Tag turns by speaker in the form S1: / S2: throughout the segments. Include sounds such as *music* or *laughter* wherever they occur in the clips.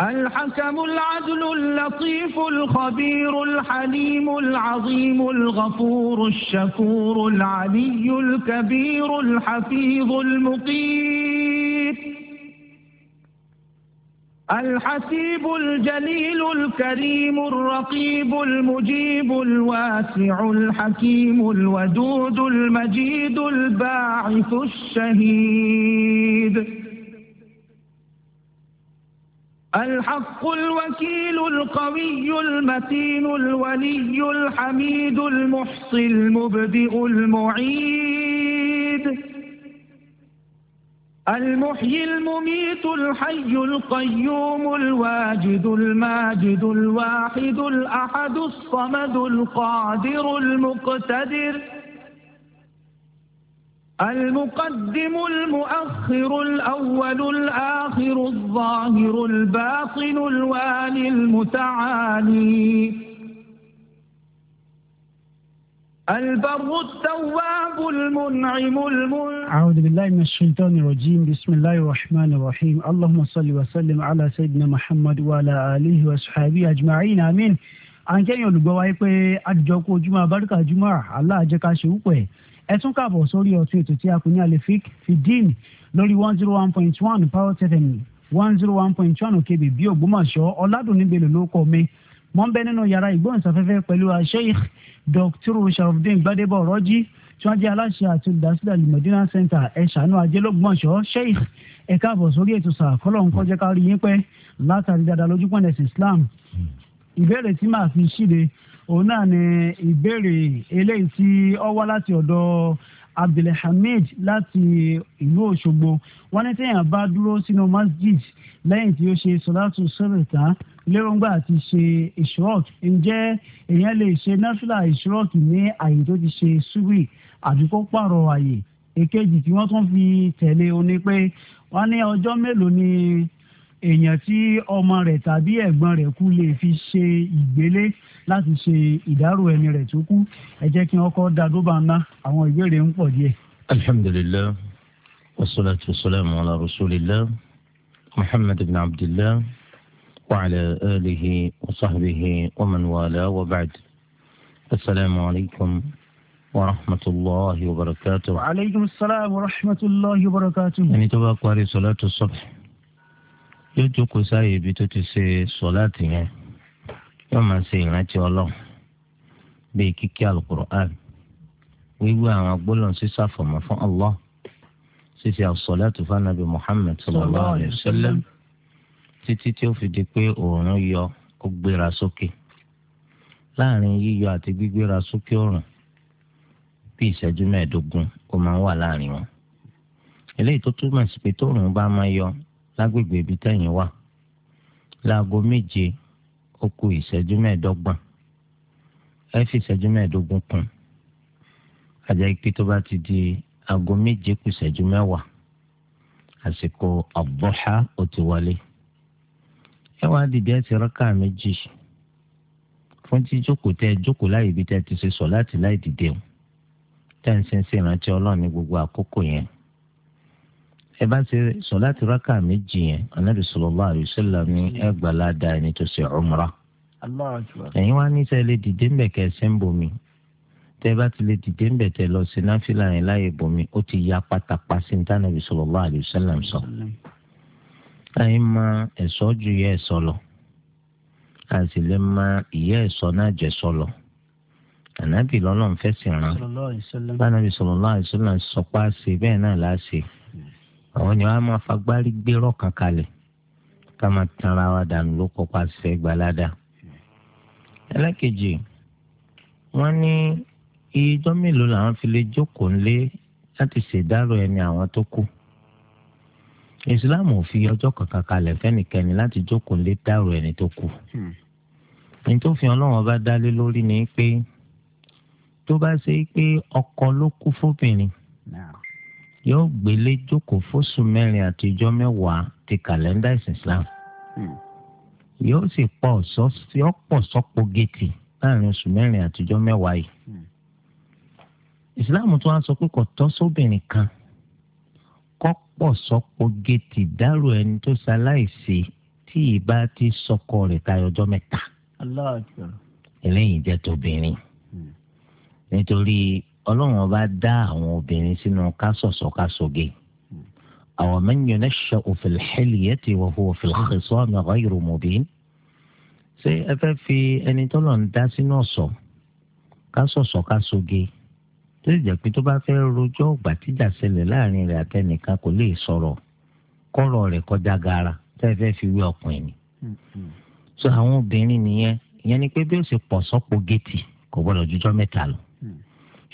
S1: الحكم العدل اللطيف الخبير الحليم العظيم الغفور الشكور العلي الكبير الحفيظ المقيت الحسيب الجليل الكريم الرقيب المجيب الواسع الحكيم الودود المجيد الباعث الشهيد الحق الوكيل القوي المتين الولي الحميد المحصي المبدئ المعيد المحيي المميت الحي القيوم الواجد الماجد الواحد الأحد الصمد القادر المقتدر المقدم المؤخر الأول الآخر الظاهر الباطن الوالي المتعالي البر التواب المنعم
S2: المنعم أعوذ بالله من الشيطان الرجيم بسم الله الرحمن الرحيم اللهم صل وسلم على سيدنا محمد وعلى آله وصحبه أجمعين آمين àǹkẹ́yìn olùgbọ́ wáyé pé àdìjọ́ kó ojúmọ́ abáríkà jùmọ̀ aláàjẹká ṣe wúpọ̀ ẹ tún kàbọ̀ sórí ọtún ètò tí a kò ní alefik fidin lórí one zero oh one point one parrot fm one zero oh one point one òkèbè bí ògbómọ̀ṣọ́ ọ̀làdùnníbelò ló kọ́ mi wọ́n bẹ nínú yàrá ìgbóhùnsáfẹ́fẹ́ pẹ̀lú sheikh dr sharafdin gbadebo ọ̀rọ́jì tí wọ́n jẹ́ aláṣẹ àti olùdásílẹ̀ limodina center ẹ̀ṣánú ajẹ́lógbọ̀nsọ̀ sheikh ẹ̀ka àbọ̀ sórí ètò sàkọ́lọ̀ ń kọjá kárí yín pẹ́ látàrí dáadáa lójúpọ̀n ẹ̀sìn islam ìbéèrè tí màá fi ṣíde òun náà ni ìbéèrè eléyìí tí ó wá láti ọ̀dọ̀ abdulhamid láti ìlú òṣogbo wọn ní téèyàn bá dúró sínú masjid lẹ́yìn tí ó ṣe sọ́látù sọ́rọ̀ tán lérògbà àti ṣe ìṣọ́ọ̀kì ǹjẹ́ èèyàn lè ṣe náfìlà ìṣọ́ọ̀kì ní àyè tó ti ṣe ṣúwì àbí kó pààrọ̀ àyè èkejì tí wọ́n tún fi tẹ̀lé o ní pé wọ́n ní ọjọ́ mélòó ni èèyàn tí ọmọ rẹ̀ tàbí ẹ̀gbọ́n rẹ̀ kú lè fi ṣe ìgbélé láti ṣe ìdárò ẹni rẹ̀ tó kú ẹ jẹ́ kí wọ́n kọ́ dadóbà ńlá àwọn ìbéèrè ń pọ̀ díẹ̀.
S3: alhamdulilayi wasalaatu wasalaamu ala rasulillah muhammad ibn abdillah wa ala alihi wa sahbihi wa man wala wa ba'd asalaamu alaykum wa rahmatulahi wa barakatuh. wa
S1: aleykum salaam wa rahmatulahi wa barakatuh.
S3: ẹni tó bá parí sọlá tó yóò jókòó sáyé ibi tó ti ṣe sọ̀láàtì yẹn yóò máa ṣe ìrántí ọlọ́run bíi kíkí alukur'an àwọn sísá fún allah ṣíṣe muhammed sallallahu alayhi wa sallam títí tí ó fi di pé yọ ó gbéra sókè láàrin yíyọ àti gbígbéra sókè bí ìṣẹ́jú mẹ́ẹ̀ẹ́dógún ó máa ń wà láàrin wọn eléyìí tó túmọ̀ sí pé bá máa yọ lágbègbè ibi tẹ̀yìn wà láago méje ó kù ìṣẹ́jú mẹ́ẹ̀ẹ́dọ́gbọ̀n ẹ fi ìṣẹ́jú mẹ́ẹ̀ẹ́dógún kún àjẹ́ ipe tó bá ti di aago méje kù ìṣẹ́jú mẹ́wàá àsìkò àbọ̀há ó ti wọlé ẹ wá dìde ẹ ti rákà méjì fún tí jókòó tẹ jókòó láyé ibi tẹ ti ṣe sọ láti láì dìde o tẹ́ ń ṣe ń ṣe ìrántí ọlọ́run ní gbogbo àkókò yẹn ẹ bá ti sọláàtì rákà méjì yẹn anabi sallallahu alaihi wasallam ní ẹgbàlá da ẹni tó ṣe umrah. ẹ̀yin wá ní sẹ́ lè dìde ńbẹ̀ kẹsẹ̀ ń bomi tẹ́ bá ti lè dìde ńbẹ̀ tẹ́ lọ sí náfìlà yẹn láyè bomi ó ti ya pátápá sí níta anabi sallallahu alaihi sọ. ẹ̀yin máa ẹ̀sọ́ ju yẹ ẹ̀sọ́ lọ àti lè máa ìyẹ́ ẹ̀sọ́ náà jẹ́ sọ́lọ̀ ànábì lọ́lọ́ fẹ́ sí ran bá ànábì sallallahu alaihi wasallam sọpá ṣe bẹ́ẹ̀ náà láṣẹ àwọn ni wọ́n á máa fagbárí gbérò kan kalẹ̀ ká máa tanra wa dànù ló kọ́kọ́ àṣẹ gbalada. ẹlẹ́kejì wọ́n ní ijọ́ mélòó làwọn fi lè jókòó ńlé láti ṣèdárò ẹni àwọn tó kù ìsìláàmù ò fi ọjọ́ kankan kalẹ̀ fẹ́nikẹ́ni láti jókòó lé dárò ẹni tó kù. Hmm. ní tó fi ọlọ́run ọba dálé lórí ni pé tó bá ṣe pé ọkọ ló kú fóbìnrin yóò gbélé jókòó fóṣù mẹ́rin àtijọ́ mẹ́wàá ti kàlẹ́ndà ìsìn islam hmm. yóò sì pọ̀ sọ́pọ̀ sọ́pọ̀ géètì láàrin oṣù mẹ́rin àtijọ́ mẹ́wàá yìí hmm. islam tó wá sọ pé kò tọ́ sóbìnrin kan kọ́pọ̀ sọ́pọ̀ géètì dárò ẹni tó ṣaláìsí tí ìbá ti sọkọ rẹ̀ tayọjọ́ mẹ́ta eléyìí jẹ́ tóbìnrin hmm. nítorí ọlọ́run ọba dá àwọn obìnrin sínú kásọ̀sọ̀ kásọ̀gẹ̀ àwọn mẹ́yìn ẹ̀ṣẹ̀ fil hilyati wa huwa fil khisami ghayru mubin ṣé ẹ fẹ́ fi ẹni tọ́lọ̀ ń dá sínú ọ̀sọ̀ kásọ̀sọ̀ kásọ̀gẹ̀ tó sì jẹ́ pé tó bá fẹ́ rojọ́ ọ̀gbà tíjà ṣẹlẹ̀ láàrin rẹ̀ àtẹnìkan kò lè sọ̀rọ̀ kọ́rọ̀ rẹ̀ kọjá gara tẹ́ ẹ fẹ́ fi wé ọkùnrin ni. so àwọn obìnrin nìyẹn ìyẹn ni pé bí ó ṣe pọ̀ sọ́pọ̀ géètì kò gbọ́dọ̀ jújọ́ mẹ́ta lọ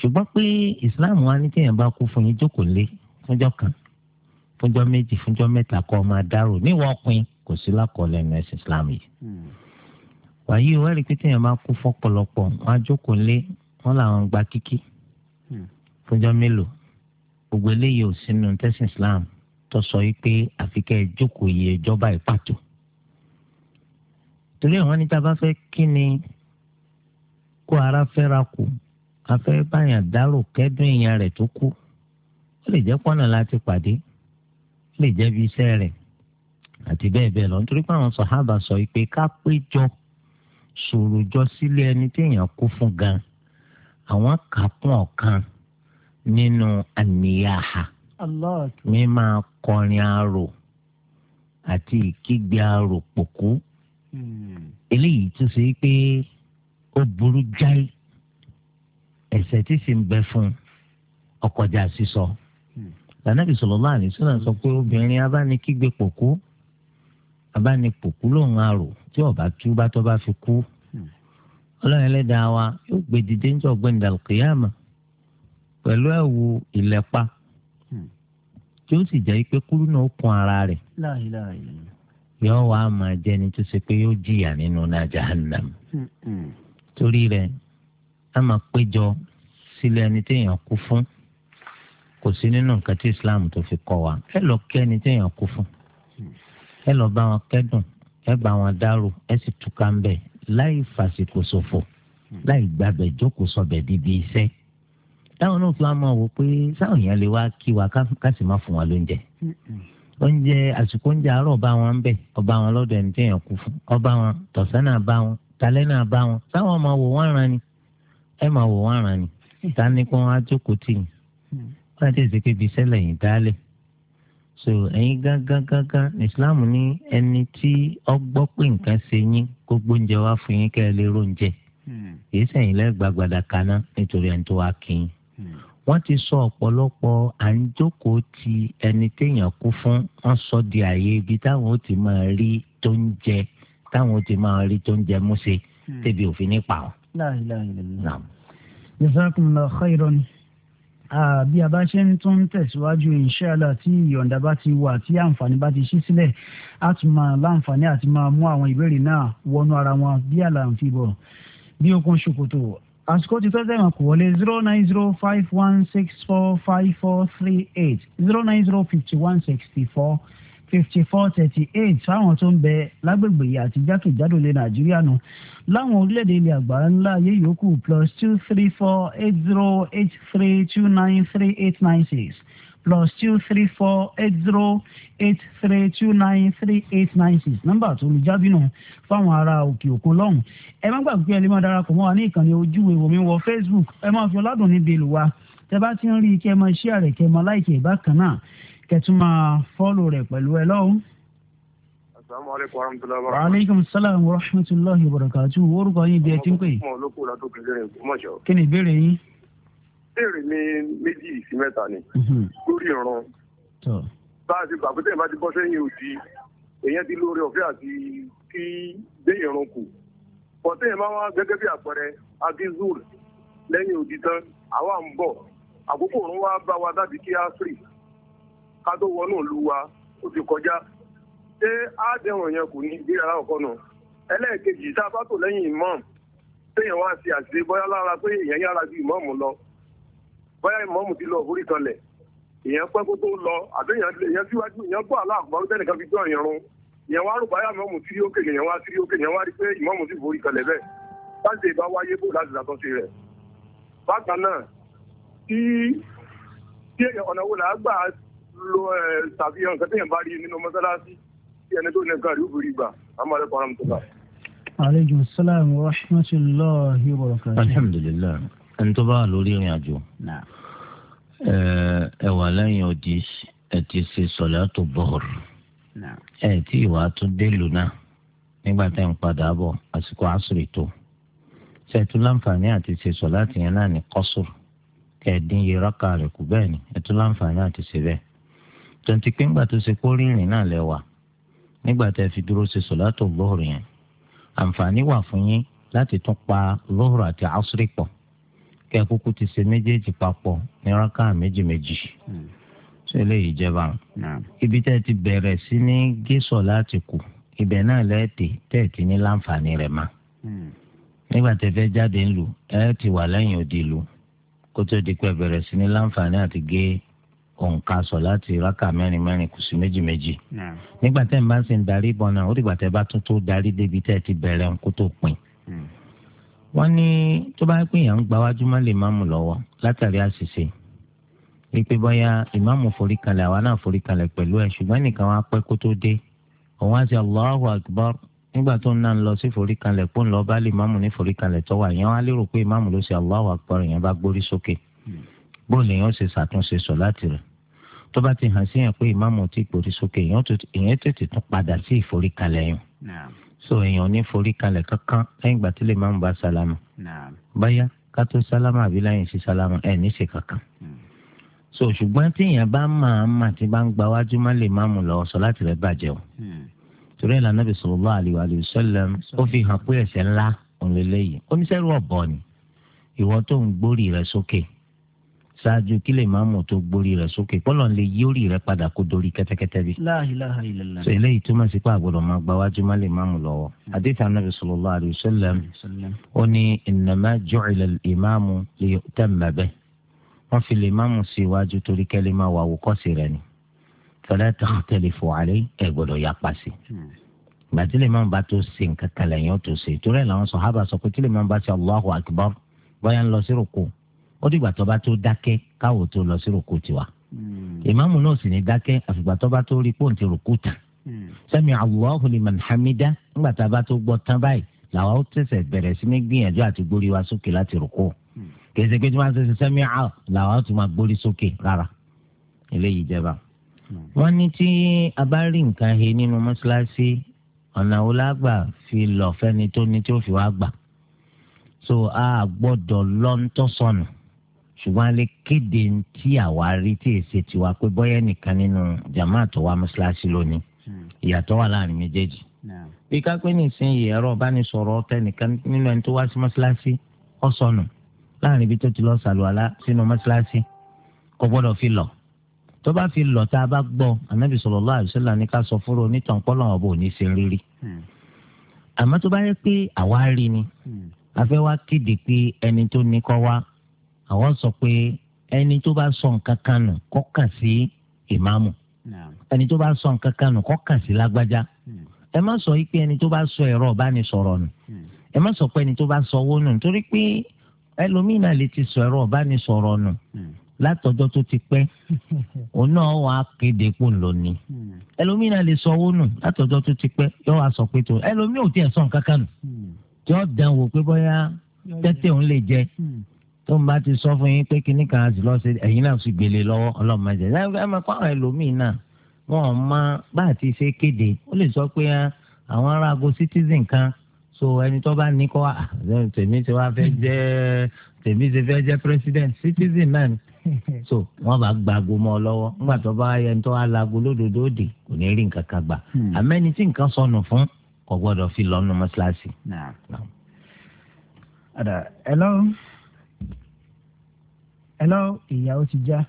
S3: ṣùgbọ́n pé islam wa ní téèyàn bá kú fún yín jókòó lé fúnjọ́ kan fúnjọ́ méjì fúnjọ́ mẹ́ta kọ́ ọ máa dárò níwọ̀n pin kò sí lákọọ́lẹ̀ ní ẹ̀sìn islam yìí. Hmm. wàyí o wẹ́rì pé téèyàn bá kú fọ́pọ̀lọpọ̀ wọn á jókòó lé wọn làwọn gba kíkí hmm. fúnjọ́ mélòó gbogbo eléyìí ò sínú tẹ̀sìn islam tó sọ yìí pé àfikẹ́ jókòó yìí ìjọba ìpàtó. torí àwọn níta bá fẹ́ kí ni kó ara fẹ́ra kù afẹ́ báyàn dárò kẹ́dùn èèyàn rẹ̀ tó kú ó lè jẹ́ pọ́nà láti pàdé ó lè jẹ́ bí iṣẹ́ rẹ̀ àti bẹ́ẹ̀ bẹ́ẹ̀ lọ nítorí pé àwọn sọ̀hábà sọ pé ká péjọ sọ̀rọ̀ jọ sílé ẹni tí èèyàn kú fún gan àwọn kà ọ̀kan nínú àníyàhà mímá kọrin arò àti ìkígbe arò pòkú hmm. eléyìí tó ṣe pé ó burú jáì. ẹ̀ṣẹ̀ tí sì ń bẹ fún ọkọjà sísọ lànàbì sallallahu alaihi wasallam sọ pé obìnrin abánikígbe pòkú abánipòkú lòun àrò tí ọba tú bá tó bá fi kú ọlọ́run ẹlẹ́dàá wa yóò gbé dìde ń jọ gbẹ̀ǹdà kìyàmà pẹ̀lú ẹ̀wù ìlẹ́pa tí ó sì jẹ́ pé kúrú náà kún ara rẹ̀ yóò wá máa jẹni tó ṣe pé yóò jìyà nínú náà jahannam hmm, hmm. torí rẹ̀ á máa péjọ sílé ẹni téèyàn kú fún kò sí nínú nǹkan tí islam tó fi kọ́ wa ẹ lọ kí ẹni téèyàn kú fún ẹ lọ bá wọn kẹ́dùn ẹ bá wọn dárò ẹ sì túká ń bẹ láì fàsìkò ṣòfò láì gbàgbẹ jókòó sọbẹ bíbí iṣẹ́ táwọn náà fi wá máa wò pé sáwọn èèyàn lè wá kí wa ká sì má fún wa lóúnjẹ oúnjẹ àsìkò oúnjẹ àárọ̀ bá wọn ń bẹ̀ ọba wọn lọ́dọ̀ ẹni téèyàn kú fún ọba wọn tọ̀sán náà bá wọn talẹ́ náà bá wọn táwọn máa wò wọ́n ran ni ẹ máa wò wọ́n àràn ni ta ni kí wọ́n á jókòó tì yín wọ́n á ti ṣe pé ibi so ẹ̀yin gángan gángan islam ní ẹni tí ọ gbọ́ pé nǹkan ṣe yín kó gbóúnjẹ wá fún yín kẹ́ ẹ lè róúnjẹ hmm. kìí sẹ́yìn lẹ́gbàgbàdà kaná nítorí ẹni tó wá kí yín hmm. wọ́n ti sọ ọ̀pọ̀lọpọ̀ à ń jókòó ti ẹni téèyàn kú fún wọ́n sọ di àyè ibi táwọn ó ti máa rí tó ń jẹ táwọn ó ti máa rí tó ń jẹ múṣe hmm. tẹ́bi òfin nípa wọn
S2: láìláìlélá. jazakumullahu khairan bí a bá ṣe ń tún tẹ̀síwájú inshallah tí ìyọ̀ǹda bá ti wà tí àǹfààní bá ti ṣí sílẹ̀ á tún máa láǹfààní àti máa mú àwọn ìbéèrè náà wọnú ara wọn bí àlàǹfì bọ̀ bí okun ṣòkòtò àsìkò ti tọ́jú ẹ̀wọ̀n kò wọlé zero nine zero five one six four five four three eight zero nine zero fifty one sixty four fifty four thirty eight fáwọn tó ń bẹ lágbègbè yìí àti jákèjádò lé nàìjíríà nù láwọn orílẹ̀-èdè ilẹ̀ àgbáyé ńlá ayé yòókù plus two three four eight zero eight three two nine three eight nine six plus two three four eight zero eight three two nine three eight nine six nọ́mbà tó lu jábínú fáwọn ará òkè òkun lọ́hùn ẹ má gbàgbé ẹ lè má darapọ̀ mọ́ wa ní ìkànnì ojú ìwò mi wọ facebook ẹ má fi ọládùn níbi ìlú wa tẹ bá ti ń rí i kí ẹ máa share kí ẹ máa like bákan náà kẹtù máa fọ́ọ̀lù rẹ̀ pẹ̀lú ẹ lọ́wọ́.
S4: asalaamualeykum wa rahmatulahi wa barakatuh. aleykum
S2: salaam wa rahmatulahi wa barakatuh. orúkọ yín bí ẹ ti ń pè. ọmọ
S4: olóko la tó kékeré rẹ kó mọ̀ jọ. kí
S2: ni ìbéèrè yín.
S4: ìbéèrè mi méjì sí mẹ́ta ni. Mhm. lórí ìran. bá a ti gbà pé tẹ̀yìn bá ti bọ́ sẹ́yìn òdì èèyàn ti lóore ọ̀fẹ́ àti kí dé ìran kù. bọ́ tẹ̀yìn máa wá gẹ́gẹ́ bí àpẹẹrẹ agizur lẹ́yìn òdì tán àwa ń bọ̀ àkókò òun wá bá wa dábì kí á fìrì ká tó wọnú ìlú wa ó ti kọjá ṣé àádẹ́wọ̀n yẹn kò ní ìdí ara ọ̀kọ́ náà ẹlẹ́ẹ̀kejì tá a bá tò lẹ́yìn imọ́ọ̀m téèyàn wá sí àṣìṣe bóyá lára pé èèyàn yára ju imọ́ọ̀mù lọ bóyá imọ́ọ̀mù ti lọ òfúrí kanlẹ̀ èèyàn pẹ́ kó tó lọ àbẹ́yàn èèyàn síwájú èèyàn bọ́ aláàbọ̀ tẹ́nìkan fi jọ ìrún èèyàn wá rògbáyà mọ́mù tí ó èèyàn wá sí ó èèyàn wá rí pé ìmọ̀mù sì forí kalẹ̀ bẹ́ẹ̀ láti ìbá wáyé bò láti ṣàtúnṣe rẹ̀ bákan náà tí tí ọ̀nà wo làá gbà ló ṣàfihàn eh, nǹkan téèyàn bá rí nínú mọ́sálásí tí ẹni tó ní nǹkan rí òbí gbà àmọ́ ẹ̀rọ pàrọ̀ mọ́tò náà.
S2: aleykum salaam wa rahmatulahi wa
S5: barakatuh.
S3: alhamdulilayi ẹni tó bá wà lórí ìrìn àjò ẹ wà lẹ́yìn odi ẹ ti ṣe sọ̀látù bọ́ọ̀rù ẹ tí ìwà tún dé lù náà nígbà tẹ́ ń padà bọ̀ àsìkò àṣírí tó ṣètò láǹfààní àti ṣe sọ̀látù yẹn náà ní kọ́sùrù kẹ́ẹ̀dín yẹra kárẹ̀ kù bẹ́ẹ̀ ni ẹ̀tún láǹfààní àti ṣe bẹ́ẹ̀. tonti pé ńgbà tó ṣe kó rìnrìn náà lẹ́wà nígbà tẹ́ fi dúró ṣe sọ̀látò lóhùrù yẹn àǹfààní wà fún yín láti tún pa lóhùrù àti àṣírí pọ̀ kí ẹ ti ṣe méjèèjì papọ̀ ní rákà méjì méjì hmm. ṣé eléyìí jẹba ibi tẹ́ ti bẹ̀rẹ̀ sí ní gé láti kù ibẹ̀ náà lẹ́ẹ̀tì tẹ́ ti ní láǹfààní rẹ̀ ma hmm. nígbà tẹ́ fẹ́ jáde ńlù ẹ̀ ti wà lẹ́yìn òdì ìlú kó tó di pé bẹ̀rẹ̀ sí ní láǹfààní àti gé òǹkà sọ̀láàtì rákà mẹ́rin mẹ́rin kù sí méjì méjì. nígbà tẹ́ ń bá ń sin darí ìbọn náà ó dìgbà tẹ́ bá tún tó darí débi tẹ́ ti bẹ̀rẹ̀ ń kó tó pin. Hmm. wọ́n ní tó bá pín yàn ń gba wájú má lè máàmù lọ́wọ́ látàrí àṣìṣe wípé bóyá ìmáàmù forí kalẹ̀ àwa náà forí kalẹ̀ pẹ̀lú ẹ̀ ṣùgbọ́n nìkan wá pẹ́ kó tó dé òun á ṣe Allahu Akbar nígbà tó ń náà lọ sí forí kalẹ̀ pọ́n lọ tó bá ti hàn sí yẹn pé ìmáàmù ti gbòrí sókè èèyàn tètè tún padà sí ìforíkalẹ̀ yẹn so èèyàn ní foríkalẹ̀ kankan lẹ́yìn ìgbà tí lè máàmù bá sálámù báyà ká tó sálámù àbí lẹ́yìn sí sálámù ẹ̀ ní ṣe kankan hmm. so ṣùgbọ́n téèyàn bá máa mà tí bá ń gba wájú má lè máàmù lọ sọ láti rẹ̀ bàjẹ́ o hmm. torí ẹ̀ lànà bí sallallahu alaihi wa sallam ó fi hàn pé ẹ̀ṣẹ̀ ńlá òun lélẹ́yìí oníṣẹ́rù ọ̀bọ ni ìwọ tó ń gbórí rẹ̀ sókè ṣáájú kí lè máa mú tó gborí rẹ̀ sókè pọlọ lè yí orí rẹ̀ padà kó dorí kẹ́tẹ́kẹ́tẹ́ bí. la ilaha illallah. sọ eléyìí túmọ̀ sí pé àgbọ̀dọ̀ máa gba wájú má lè máa mú lọ́wọ́. àdìsá nàbì sallallahu alaihi wasallam ó ní innama ju'ila al-imamu liyu'tamma bihi wọ́n fi lè máa mú sí iwájú torí kẹ́ lè máa wà àwòkọ́sí rẹ̀ ni fala takhtalifu alayhi ẹ̀ gbọ́dọ̀ yapa sí gbàtí lè máa bá tó ó dìgbà tó bá tó dákẹ́ káwọ́ tó lọ sí ròkó tiwa hmm. ìmáàmù náà sì ní dákẹ́ àfìgbà tó tó rí pòǹtì ròkó tán hmm. sami Allahu liman hamida ńgbà tá tó gbọ́ tán báyìí làwọn ó tẹ̀sẹ̀ bẹ̀rẹ̀ sí ní gbìyànjú àti gbórí wa sókè láti rúkú hmm. kèsì pé tí wọ́n á ṣe sami al làwọn ó tún máa gbórí sókè rárá eléyìí jẹba. wọ́n ní tí a bá rí nǹkan he nínú mọ́ṣáláṣí ọ̀nà wo lágbà fi lọ fẹ́ni tó ní tí ó fi wá gbà so a gbọ́dọ̀ lọ́ńtọ́sọ̀nù ṣùgbọ́n a lè kéde tí àwa rí tí èsè tiwa pé bọ́yá nìkan nínú jàmáà tó wá mọ́ṣáláṣí lónìí hmm. ìyàtọ̀ wà láàrin méjèèjì. bí kápẹ́ nìsinyìí ẹ̀rọ ọ̀bánisọ̀rọ̀ ọ̀tẹ̀ nìkan nínú ẹni tó wá sí mọ́ṣáláṣí ó sọnù láàrin ibi tó ti lọ sàlùwàlá sínú mọ́ṣáláṣí kò gbọ́dọ̀ fi lọ. tó bá fi lọ tá a bá gbọ́ anábì sallallahu alaihi wasallam ní ká sọ fúnra onítàn pọ́lọ́wọ́ hmm. ni hmm. a àwọn sọ pé ẹni tó bá sọ nǹkan kan nù kọ́ kà sí ìmáàmù ẹni tó bá sọ nǹkan kan nù kọ́ kà sí lágbájá ẹ má sọ yìí pé ẹni tó bá sọ ẹ̀rọ ọ̀bánisọ̀rọ̀ nù ẹ má sọ pé ẹni tó bá sọ owó nù nítorí pé ẹlòmíín lè ti sọ ẹ̀rọ ọ̀bánisọ̀rọ̀ nù látọjọ́ tó ti pẹ́ *laughs* òun náà wàá kéde kó ń lò ní ẹlòmíín lè sọ owó nù látọjọ́ tó ti pẹ́ yọ wàá sọ pé tó ẹlòmíín ò tiẹ̀ sọ nǹkan kan nù tí ó dán wò pé bóyá tẹ́tẹ́ òun lè jẹ tó ń bá ti sọ fún yín pé kíní kan àti lọ́sẹ̀ ẹ̀yin náà sì gbélé lọ́wọ́ ọlọ́run máa jẹ ẹ máa fáwọn ẹlòmíín náà wọn ò mọ bá àti ṣe kéde ó lè sọ pé ah, àwọn ará citizen kan so ẹni tó bá ní kọ́ ah, tèmi ti wá fẹ́ jẹ́ tèmi ti fẹ́ jẹ́ president citizen náà ni *laughs* so wọn bá gbago mọ́ ọ lọ́wọ́ nígbà tó bá yẹ tó wá lago lódodo òde kò ní rí nǹkan kan gbà hmm. àmẹ́ni tí nǹkan sọnù fún kò gbọ́dọ̀ fi lọ́nu mọ́ṣáláṣí. ẹ lọ́rùn hello ìyàwó ti já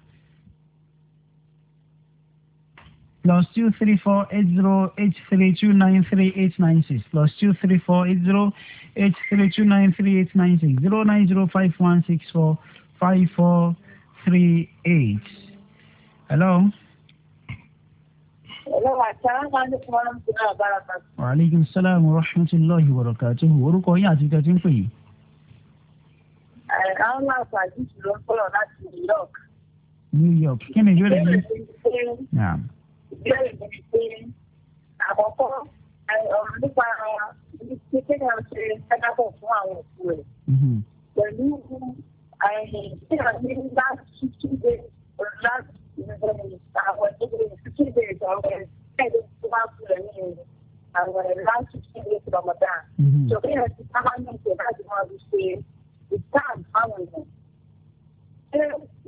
S2: plus two three four eight zero eight three two nine three eight nine six plus two three four eight zero eight three two nine three eight nine six zero nine zero five one six four five four three eight. hello. Wa aleykum salaam wa rahmatulahi wa barakatuhu. Orúkọ yín àti ìtẹ́tí ń pè yìí.
S4: Àìkáńlá Fàjíṣì ló ń sọ̀rọ̀ láti New York.
S2: New York kí ni
S4: ìbéèrè mi? Ìbéèrè mi ni pé àkọ́kọ́ ọ̀rọ̀ nípa ní kéèyàn ṣe ṣẹ́dábọ̀ fún àwọn òkú rẹ̀. Mm-hmm. Pẹ̀lú kéèyàn ní láti ṣíṣí dé láti àwọn ìdílé ṣíṣí dé ìjọba ẹ̀ ṣẹ́dẹ̀ tó bá kú rẹ̀ ní ìlú àwọn ẹ̀ láti ṣíṣí dé ìjọba dáa. Ṣòkè yẹn ìtàn àwọn èèyàn.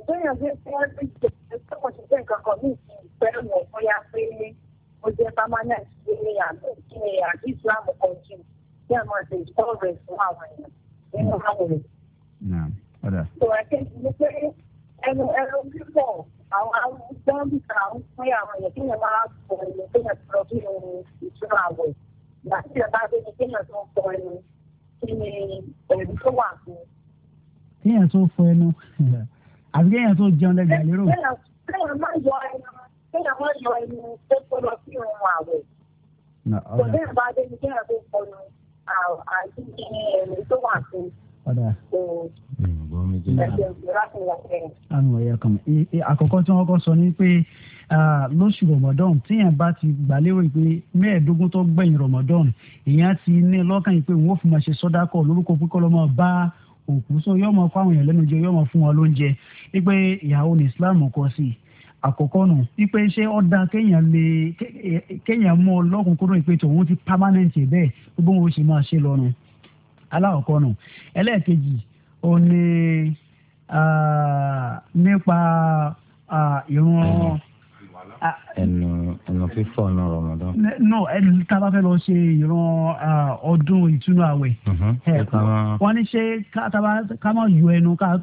S4: ṣé bẹ́ẹ̀ bí wọ́n ti ṣe tó kò sí pé nǹkan kan ní ìsìn ìfẹ́ wọn bóyá pé ó jẹ́ permanent pé àbí kí ni àbí Islam kan jù bí a máa ṣe ìtọ́ rẹ̀ fún àwọn èèyàn nínú àwọn
S5: èèyàn.
S4: tó ẹ̀kejì ni pé ẹnu ẹnu pípọ̀ àwọn arúgbó níta ń pín àwọn èèyàn kí ni máa sọ ẹnu kí ni sọ kí ni ìtura àwẹ̀ ìgbà tí ẹ bá dé ni kí ni sọ ẹnu kí ni ẹ̀rí tó wà fún un kéèyàn tó fọ ẹnu àbí kéèyàn tó jẹun lẹ́gbẹ̀ẹ́ lérò. kéèyàn máa yọ àkọ́kọ́ tí
S2: wọ́n kọ́ sọ ni pé lóṣù Ramadan tíyẹn bá ti gbàlérò pé mẹ́ẹ̀ẹ́dógún tó gbẹ̀yìn Ramadan èèyàn ti ní lọ́kàn yìí pé wọ́n fi máa ṣe sọ́dákọ̀ kọ́ lọ́ máa bá òkú so yóò mọ fáwọn èèyàn lẹ́nu jẹ yóò mọ fún wọn lóúnjẹ wípé ìyàwó ní islam kọ sí i àkọ́kọ́ nù wípé ṣé ọ̀dà kéèyàn lè kéèyàn mú ọlọ́kùnkúndùn ìpè tòun ti permanent bẹ́ẹ̀ gbogbo wọn ó sì máa ṣe lọ́nu alákọ̀ọ́kọ́ nù ẹlẹ́ẹ̀kejì ó ah, nípa ah, ìrún ọ̀rọ̀ Ah.
S3: ẹnu ẹnu fífọ ọ̀nà rọmọdán.
S2: no ẹni tá a bá fẹ́ lọ ṣe ìran ọdún ìtúnu àwẹ̀
S3: mhm. wọ́n
S2: ní ṣé ká má yọ ẹnu ká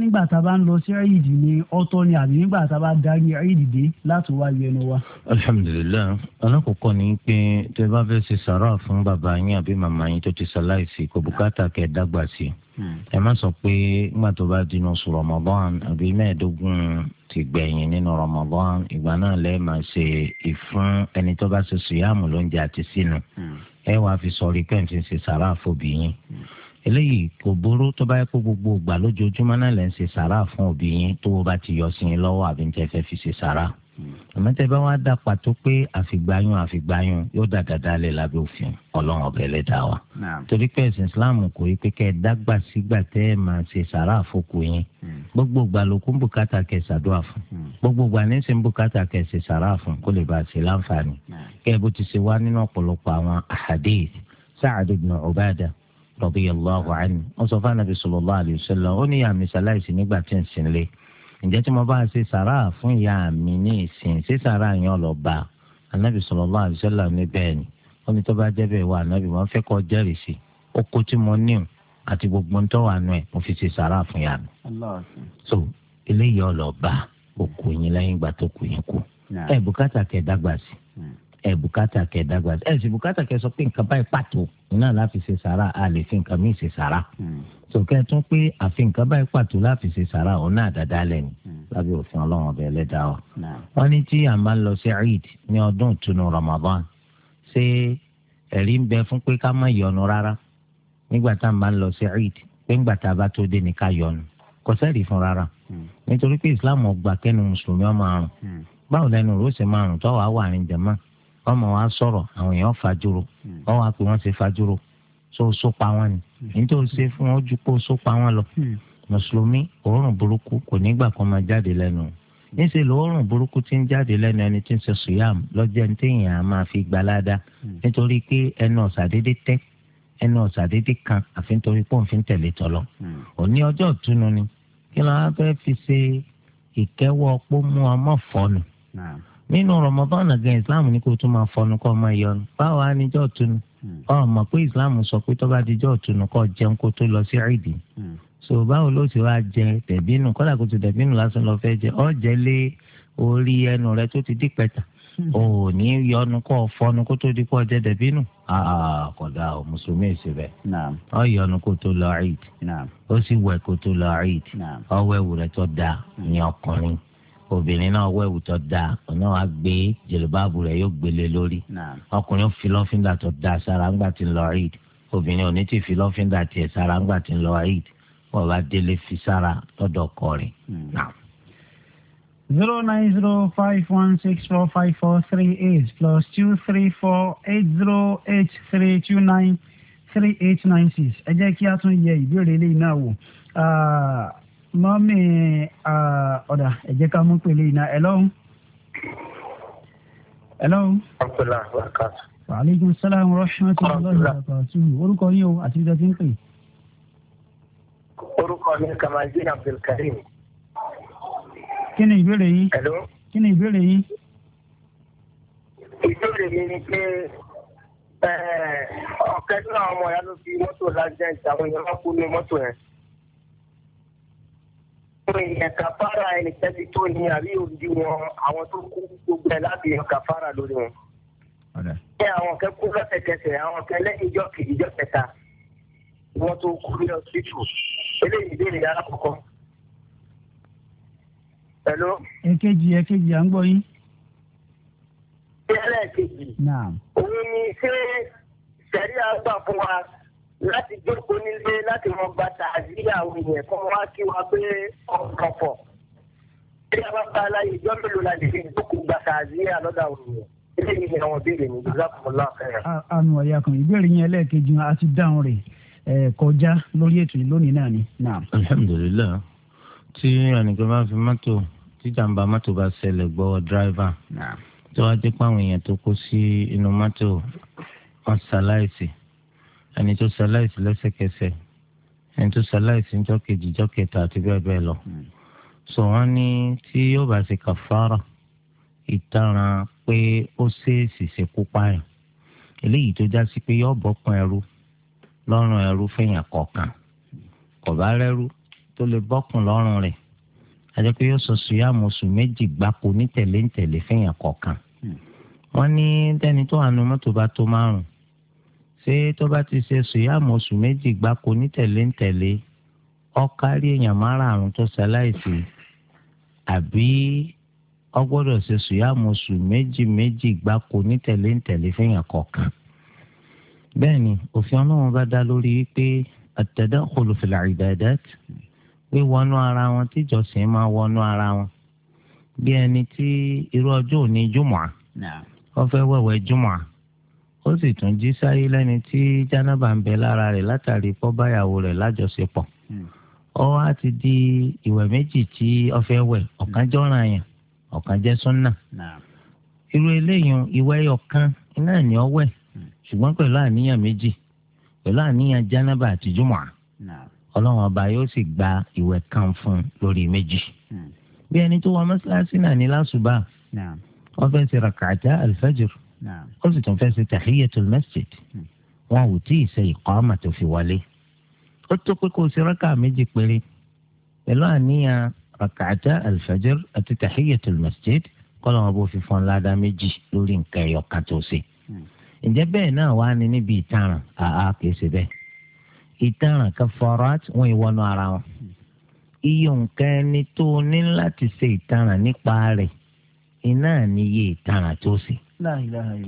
S2: nígbà tá a bá ń lọ sí ẹ̀yìdì ní ọ̀tọ̀ ni àbí nígbà tá a bá darí dé láti wá yọ ẹnu wa.
S3: alhamdulilayi alákòókò ni pé tẹ bá fẹ́ ṣe sàrà fún bàbá yín àbí màmá yín tó ti ṣaláìsí kò bùkátà kẹ́ ẹ dàgbà sí hmm. ẹ má sọ pé nígbà tó bá dinú sùrọ̀mọ́bọ́n àbí mẹ́ẹ̀ẹ́dógún ti gbẹ̀yìn nínú Ramadan ìgbà náà lẹ́ẹ̀ máa ṣe ìfún ẹni tó bá ṣe sùyàmù lóúnjẹ àti sínú hmm. ẹ wàá fi sọ rìpẹ́ǹtì ṣe sàrà fòbí yín eléyìí kò burú tó bá yẹ kó gbogbo ìgbà lójoojúmọ́ náà lẹ́ ń ṣe sàrà fún òbí yín tó o bá ti yọ sí yín lọ́wọ́ àbí tẹ́ fẹ́ fi ṣe sàrà hmm. àmọ́ bá wá dà pàtó pé àfìgbáyún àfìgbáyún yóò dà dáadáa lẹ̀ lábẹ́ òfin ọlọ́run ọbẹ̀ lè torí pé ẹ̀sìn Islam kò yí pé kẹ́ ẹ dágbà sígbà tẹ́ ẹ máa ṣe sàrà àfọkù yín hmm gbogbo ìgbà ló kún bùkátà kẹsàdúrà fún hmm. gbogbo ìgbà ní sin bùkátà kẹsì sàrà fún kó lè bá a ṣe láǹfààní hmm. kẹ bó ti ṣe wá nínú ọ̀pọ̀lọpọ̀ àwọn ahadith Sa'ad ibn Ubadah radiyallahu anhu wọn sọ fún anabi sallallahu alayhi wa sallam ó ní ìyá mi ṣaláìsí nígbà tí ń sin lé ǹjẹ́ tí mo bá ṣe sàrà fún ìyá ní ìsìn ṣé sàrà yẹn lọ bá anabi sallallahu alayhi wa sallam ní bẹ́ẹ̀ ni ó ní tó bá jẹ́ bẹ́ẹ̀ wá anabi wọn fẹ́ kọ́ jẹ́rìí sí oko tí mo níhùn àti gbogbo ń tọ́wà nù ẹ̀ mo fi ṣe sàrà fún yà mí. so eléyìí ọlọ́ọ̀bá òkú yín lẹ́yìn ìgbà tó kù yín kú. ẹ bùkátà kẹ dàgbà sí ẹ bùkátà kẹ dàgbà sí ẹ sì bùkátà kẹ sọ pé nǹkan báyìí pàtó iná láfi ṣe sàrà a lè fi nǹkan míì ṣe sàrà. so kẹ tún pé àfi nǹkan báyìí pàtó láfi ṣe sàrà òun náà dáadáa lẹ́nu lábẹ́ òfin ọlọ́run ọbẹ̀ ẹlẹ́dàá wa. wọ́n ní tí a máa ń lọ sí eid ní ọdún ìtùnú Ramadan ṣé ẹ̀rí ń bẹ fún pé ká má yọnu rárá nígbà tá a máa ń lọ sí eid pé ńgbà tá a bá tó dé ní ká yọnu kò sẹ́ẹ̀rì fún rárá hmm. nítorí pé islam ọgbà kẹ́nu mùsùlùmí ọmọ àrùn hmm. báwo lẹnu rò ṣe máa rùn tọ́wọ́ àwọn àrùn jẹ̀mọ́ ọmọ wa sọ̀rọ̀ àwọn èèyàn fajúro hmm. wọ́n wá pé wọ́n ṣe fajúro tó sópa wọn ni nítorí ṣe fún wọn ojú pé ó sópa wọn lọ mùsùlùmí òórùn burúkú kò nígbà kan máa jáde lẹ́nu níṣẹ́ lóòórùn burúkú ti ń jáde lẹ́nu ẹni tí ń ṣe sùyàm lọ́jọ́ ní téèyàn máa fi gbalada nítorí pé ẹnu ọ̀sà déédéé tẹ́ ẹnu ọ̀sàdédé kan àfi nítorí pé òun fi ń tẹ̀lé tọ́lọ́ hmm. òní ọjọ́ ìtúnu ni kí ló wá fẹ́ fi ṣe ìkẹ́wọ́ pọ́ mú ọmọ fọ́nu nínú Ramadan gan Islam ní kó tún máa fọ́nu kó máa yọnu báwo á níjọ́ ìtúnu ọmọ hmm. pé Islam sọ pé tó bá dijọ́ ìtúnu kó jẹun kó tó lọ sí ìdí hmm. so báwo ló ti wá jẹ dẹ̀bínú kọ́dà kó ti dẹ̀bínú lásán lọ fẹ́ jẹ ọ́ jẹ́ lé orí ẹnu rẹ tó ti dípẹ́ta o ò ní yọnu kó o fọnu kó tó di kó o jẹ dẹbí nù kódà o mùsùlùmí ì síbẹ̀ ọ yọnu kó tó lọ Eid ó sì wẹ̀ kó tó lọ Eid ọ wẹ̀wù rẹ̀ tọ da ní ọkùnrin obìnrin náà wẹ̀wù tó da ọ̀nà wa gbé jèlúbáàbù rẹ̀ yóò gbélé lórí ọkùnrin fi lọ́fíńdà tó da sára ńgbà tí ń lọ Eid obìnrin ò ti fi lọ́fíńdà tiẹ̀ sára ńgbà tí ń lọ Eid wọ́n bá délé fi sára lọ́dọ̀ ọkọ rẹ̀ hmm. zero nine
S2: zero five one six four five four three eight plus two three four eight zero eight three two nine three eight nine six ẹ jẹ́ kí a tún yẹ ìbéèrè eléyìí náà wò ah, mọ́mí ah, ọ̀dà ẹ jẹ́ ká mú pèlè iná ẹ lọ́hùn. ẹ lọ́hùn. wa alaikum salaam wa rahmatullahi wa barakatuh orúkọ yín o àti ìjọ tí ń pè.
S4: orúkọ mi Kamaldeen Abdulkareem
S2: kí ni ìbéèrè yín. hello. kí ni ìbéèrè yín.
S4: ìbéèrè mi ni pé ọ̀kẹ́ nínú àwọn ọmọ ìyá ló fi mọ́tò lajẹ́ ìtàwọn ìyá wọn kú ní mọ́tò yẹn. àwọn èèyàn kàfàrà ẹnikẹ́ni tó ní àbí òdi wọn àwọn tó kú gbogbo ẹ̀ láti yan kàfàrà lórí wọn. ṣé àwọn kẹ́ kú lọ́sẹ̀kẹsẹ̀ àwọn kẹ́ lẹ́yìn ìjọ kejì ìjọ kẹta wọ́n tó kú ní ọsibítù eléyìí ìbéèrè yàrá kọ̀ọ̀kan. Hello.
S1: èkejì èkejì
S2: à ń gbọ́ yín.
S4: ìṣẹ̀lẹ̀ kejì. òun ni ṣé sẹ́rí àgbà fún wa láti jókòó nílé láti wọn gba tààzí àwọn èèyàn kan wá kí wa pé ọ̀rọ̀ pọ̀. ṣé àwọn bá aláyè ìjọ mélòó la lè fi jókòó gba tààzí àlọ́dà òun yẹn? eléyìí ni àwọn béèrè mi jazakumullah khairan.
S2: àánú ọ̀yà kan ìbéèrè yẹn lẹ́ẹ̀kejì àti dáhùn rẹ̀ kọjá lórí ètò yìí lónìí náà ni.
S3: alhamdulillah tí ẹnìkan bá fi mọ́tò tíjàmbá mọ́tò bá ṣẹlẹ̀ gbọ́wọ́ dráìvà tó wá dé páwọn èèyàn tó kó sí inú mọ́tò wọn ṣaláìsì ẹni tó ṣaláìsì lẹ́sẹ̀kẹsẹ̀ ẹni tó ṣaláìsì níjọ́ kejì jọ́ kẹta àti bẹ́ẹ̀ bẹ́ẹ̀ lọ. Hmm. sọ wọn ní tí yóò bá ṣe kàfàrà ìtaràn pé ó ṣèèṣì ṣekú pààyàn eléyìí tó já sí pé yóò bọ́pọn ẹrú lọ́rùn ẹrú fẹ̀yàn kọ̀ọ̀kan kò rẹ́rú tó lè bọ́kùn lọ́rùn rẹ̀ àti pé yóò sọ sùyàmù oṣù méjì gbáko ní tẹ̀lé ń tẹ̀lé fẹ̀yàn kọ̀ọ̀kan. Hmm. wọ́n ní dẹ́ni tó àánú mọ́tò bá tó márùn-ún ṣé tó bá ti ṣe sùyàmù oṣù méjì gbáko ní tẹ̀lé ń ọ̀kárí èèyàn márààrún tó ṣaláìsí àbí ó ṣe sùyàmù oṣù méjì méjì gbáko ní tẹ̀lé ń kọ̀ọ̀kan. bẹ́ẹ̀ ni òfin ọlọ́run bá dá lórí wípé at pé wọnú ara wọn tíjọsìn máa wọnú ara wọn bí ẹni tí irú ọjọ́ òní jùmọ̀á wọ́n fẹ́ wẹ̀wẹ̀ jùmọ̀á ó sì tún jí sáyé lẹ́ni tí jánábà ń bẹ lára rẹ̀ látàrí pọ́báyàwó rẹ̀ lájọṣepọ̀ ọ hmm. wá ti di ìwẹ̀ méjì tí ó fẹ́ wẹ̀ ọ̀kan jọ́ràn yẹn ọ̀kan jẹ́ súnà irú eléyìí ìwẹ̀ ọ̀kan náà ni ó wẹ̀ hmm. ṣùgbọ́n pẹ̀lú àníyàn méjì pẹ̀lú àníyàn jánábà àti jùmọ̀á ọlọ́run ọba yóò sì gba ìwẹ̀ kan fún un lórí méjì. bí ẹni tó wọ mọ́ṣáláṣí náà ní lásùbà wọ́n fẹ́ ṣe rakata alfajr ó sì tún fẹ́ ṣe tahiyatul masjid hmm. wọn ò tí ì ṣe ìkọ́mà tó fi wọlé. ó tó pé kó o ṣe rákà méjì péré pẹ̀lú àníyàn rakata alfajr àti tahiyatul masjid kọ́lọ́ bó fi fọ́n ládá méjì lórí nǹkan ẹ̀yọ̀ kan tó ṣe. Hmm. ǹjẹ́ bẹ́ẹ̀ náà wá ní níbi ìtaràn àá kìí ṣe bẹ́ẹ̀ ìtaràn kan fọrat wọn ìwọnú ara wọn iye nǹkan ẹni tó ní láti ṣe ìtaràn nípa rẹ̀ iná níye ìtaràn tó ṣe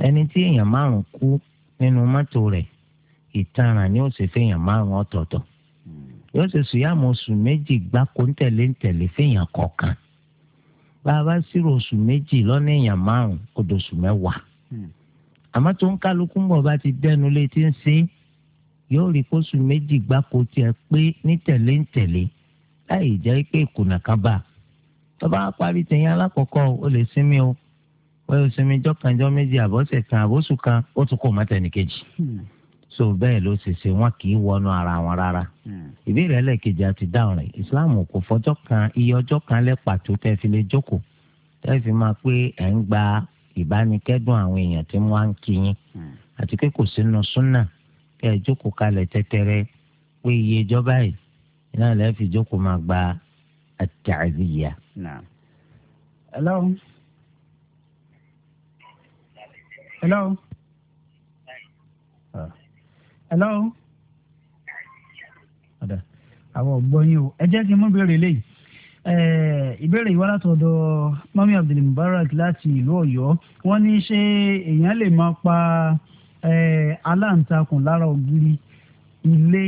S3: ẹni tí èèyàn márùn kú nínú mọ́tò rẹ̀ ìtaràn ni ó ṣe fẹ́yàn márùn ọ̀tọ̀ọ̀tọ̀ yóò ṣe sùyàmù oṣù méjì gbáko ńtẹ̀léńtẹ̀lé fẹ́yàn kọ̀ọ̀kan bá a bá ṣírò oṣù méjì lọ́nà èèyàn márùn odò oṣù mẹ́wàá hmm. àmọ́ tó ń kálukú ń bọ̀ bá ti dẹnu létí ń ṣe yóò rí fóṣù méjì gbáko tiẹ̀ pé ní tẹ̀lé ń tẹ̀lé láì jẹ́ pé ìkùnà kan bá a. tọ́ba parí tẹ̀yìn alákọ̀ọ́kọ́ o lè sinmi o wọ́n yóò sinmi jọ́kanjọ́ méjì àbọ̀sẹ̀ kan àbọ̀sù kan ó tún kò mọ́tẹ̀ ní kejì. Hmm. so bẹ́ẹ̀ ló ṣe ṣe wọn kì í wọnú ara wọn rárá. Hmm. ìbéèrè ẹlẹ́ẹ̀kejì àti dáhùn rẹ̀ islam kò fọjọ́ kan iye ọjọ́ kan lẹ́ pàtó tẹ́ fi lè jókòó tẹ́ fi máa pé ẹ̀ ń gba ìbánikẹ́dùn àwọn èèyàn tí wọ́n á ń kí hmm. àti pé kò sínú súnà kẹ́ ẹ̀ jókòó kalẹ̀ tẹ́tẹ́rẹ́ pé iye ìjọba yìí náà lẹ́ fi jókòó máa gba àtàzíyà.
S2: hello. hello. hello. ọ̀dà àwọn ọ̀gbọ́n yìí o ẹ jẹ́ kí n mú ìbéèrè léyìí ìbéèrè ìwà látọ̀dọ̀ mami abdulmubarak láti ìlú ọ̀yọ́ wọ́n ní ṣé èèyàn lè máa pa aláǹtakùn lára ògiri ilé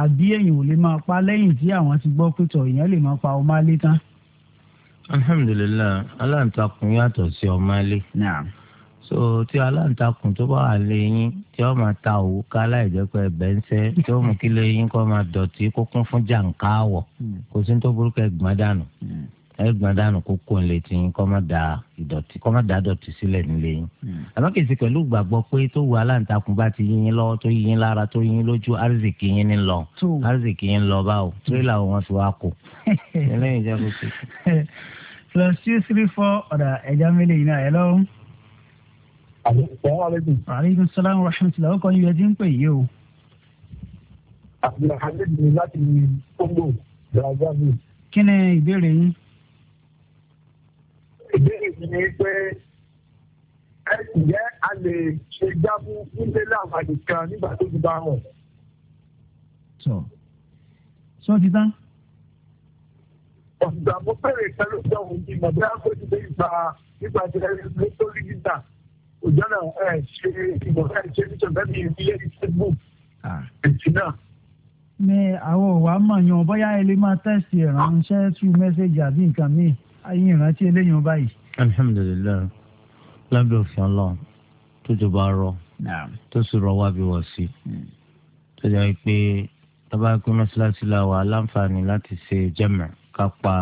S2: àbí èyàn ò lè máa pa lẹ́yìn tí àwọn ti gbọ́ pẹ̀tọ̀ èyàn lè máa pa ọmọ alé tán.
S3: alhamdulilayi aláǹtakùn yàtọ̀ sí ọmọ alé. so tí aláǹtakùn tó bá wà lẹ́yìn tí ó máa ta òwú ká láì jẹ́ pé ẹ̀bẹ̀ ń sẹ́ tí ó mú kí lẹ́yìn kó máa dọ̀tí kó kún fún jàǹká wọ̀ hmm. kò sí ní tó burúkú ẹ̀gbọ́n dànù. Hmm ẹgbọn dànù kókó ńlẹ tí yín kọ́mọ́ da ìdọ̀tí kọ́mọ́ da dọ̀tí sílẹ̀ nílé yín. Hmm. àmọ́ kìí ṣe pẹ̀lú gbàgbọ́ pé tó wù aláǹtakùn bá ti yín lọ́wọ́ tó yín lára tó yín lójú arzikì yín ní lọ arzikì yín lọ báwo tírélà wọn ti wá kó. ẹlẹ́yìn ìjà ló ṣe.
S2: plus two three four ọ̀dà ẹja mélòó yìí náà ẹ lọ́wọ́. salaamaleykum. aleykum salaam wa rahmatulah ọkọ yìí ẹ ti ń pè yìí o. abdulhamid ni láti kóńgò
S4: brazil.
S2: kí ni ìbéèrè yín
S4: ìbéèrè mi ni pé ẹ ǹjẹ́ a lè ṣe jábú nílé láwọn àdìkan nígbà tó ti bá wọn.
S3: sọ sọ ti
S2: tán.
S4: ọ̀sùn àbọ̀ bẹ̀rẹ̀ pẹ̀lú ìjọ òun ni mọ̀ bí a kò ti dé ìgbà nígbà tí ẹ lè tó rí nígbà òjò náà ẹ ṣe ìmọ̀ ẹ ṣe nítorí bẹ́ẹ̀ ni ilé ìfẹ́gbù ètí náà
S2: ní àwọn òwà mọ̀ yan bóyá ẹ lè máa tẹ̀sí ẹ̀ránṣẹ́ tú mẹ́sẹ̀gì àbí nǹkan míì ayé ìrántí eléyìí báyìí.
S3: alhamdulilayi lábẹ́ òfin ọlọ́run tó tó bá rọ tó sì rọ wá bí wọ́n sí hmm. tó jẹ́ pé tábà pé mọ́ṣáláṣí la wà láǹfààní láti ṣe jẹ́mẹ̀ ká pa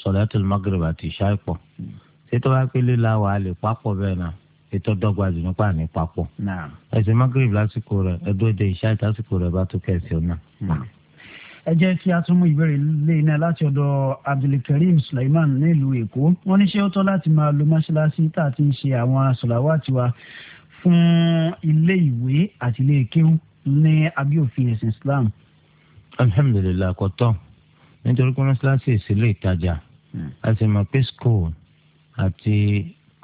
S3: sọ̀lẹ́tùl magreba àti ìṣáì pọ̀ hmm. ṣé tó bá pé líla wà lè papọ̀ bẹ́ẹ̀ náà ètò dọ́gba jù nípa ní papọ̀ ẹ̀sìn magreba lásìkò rẹ̀ ẹ̀dọ́ èdè ìṣáì lásìkò rẹ̀ bá tó kẹ̀sì ọ̀nà. Hmm ẹ jẹ́ kí a
S2: tún mú ìbéèrè lé iná láti ọ̀dọ̀ abdulkareem suleiman nílùú èkó wọ́n ní ṣé ó tọ́ láti máa lo mọ́ṣáláṣí tá a ti ń ṣe àwọn sọ̀làwátì wa fún ilé ìwé àti ilé kéwú ní abíòfin ẹ̀sìn islam.
S3: alhamdulilayi kò tọ́ nítorí pé mọ́ṣáláṣí ìsílẹ̀ ìtajà hmm. a sì mọ̀ àti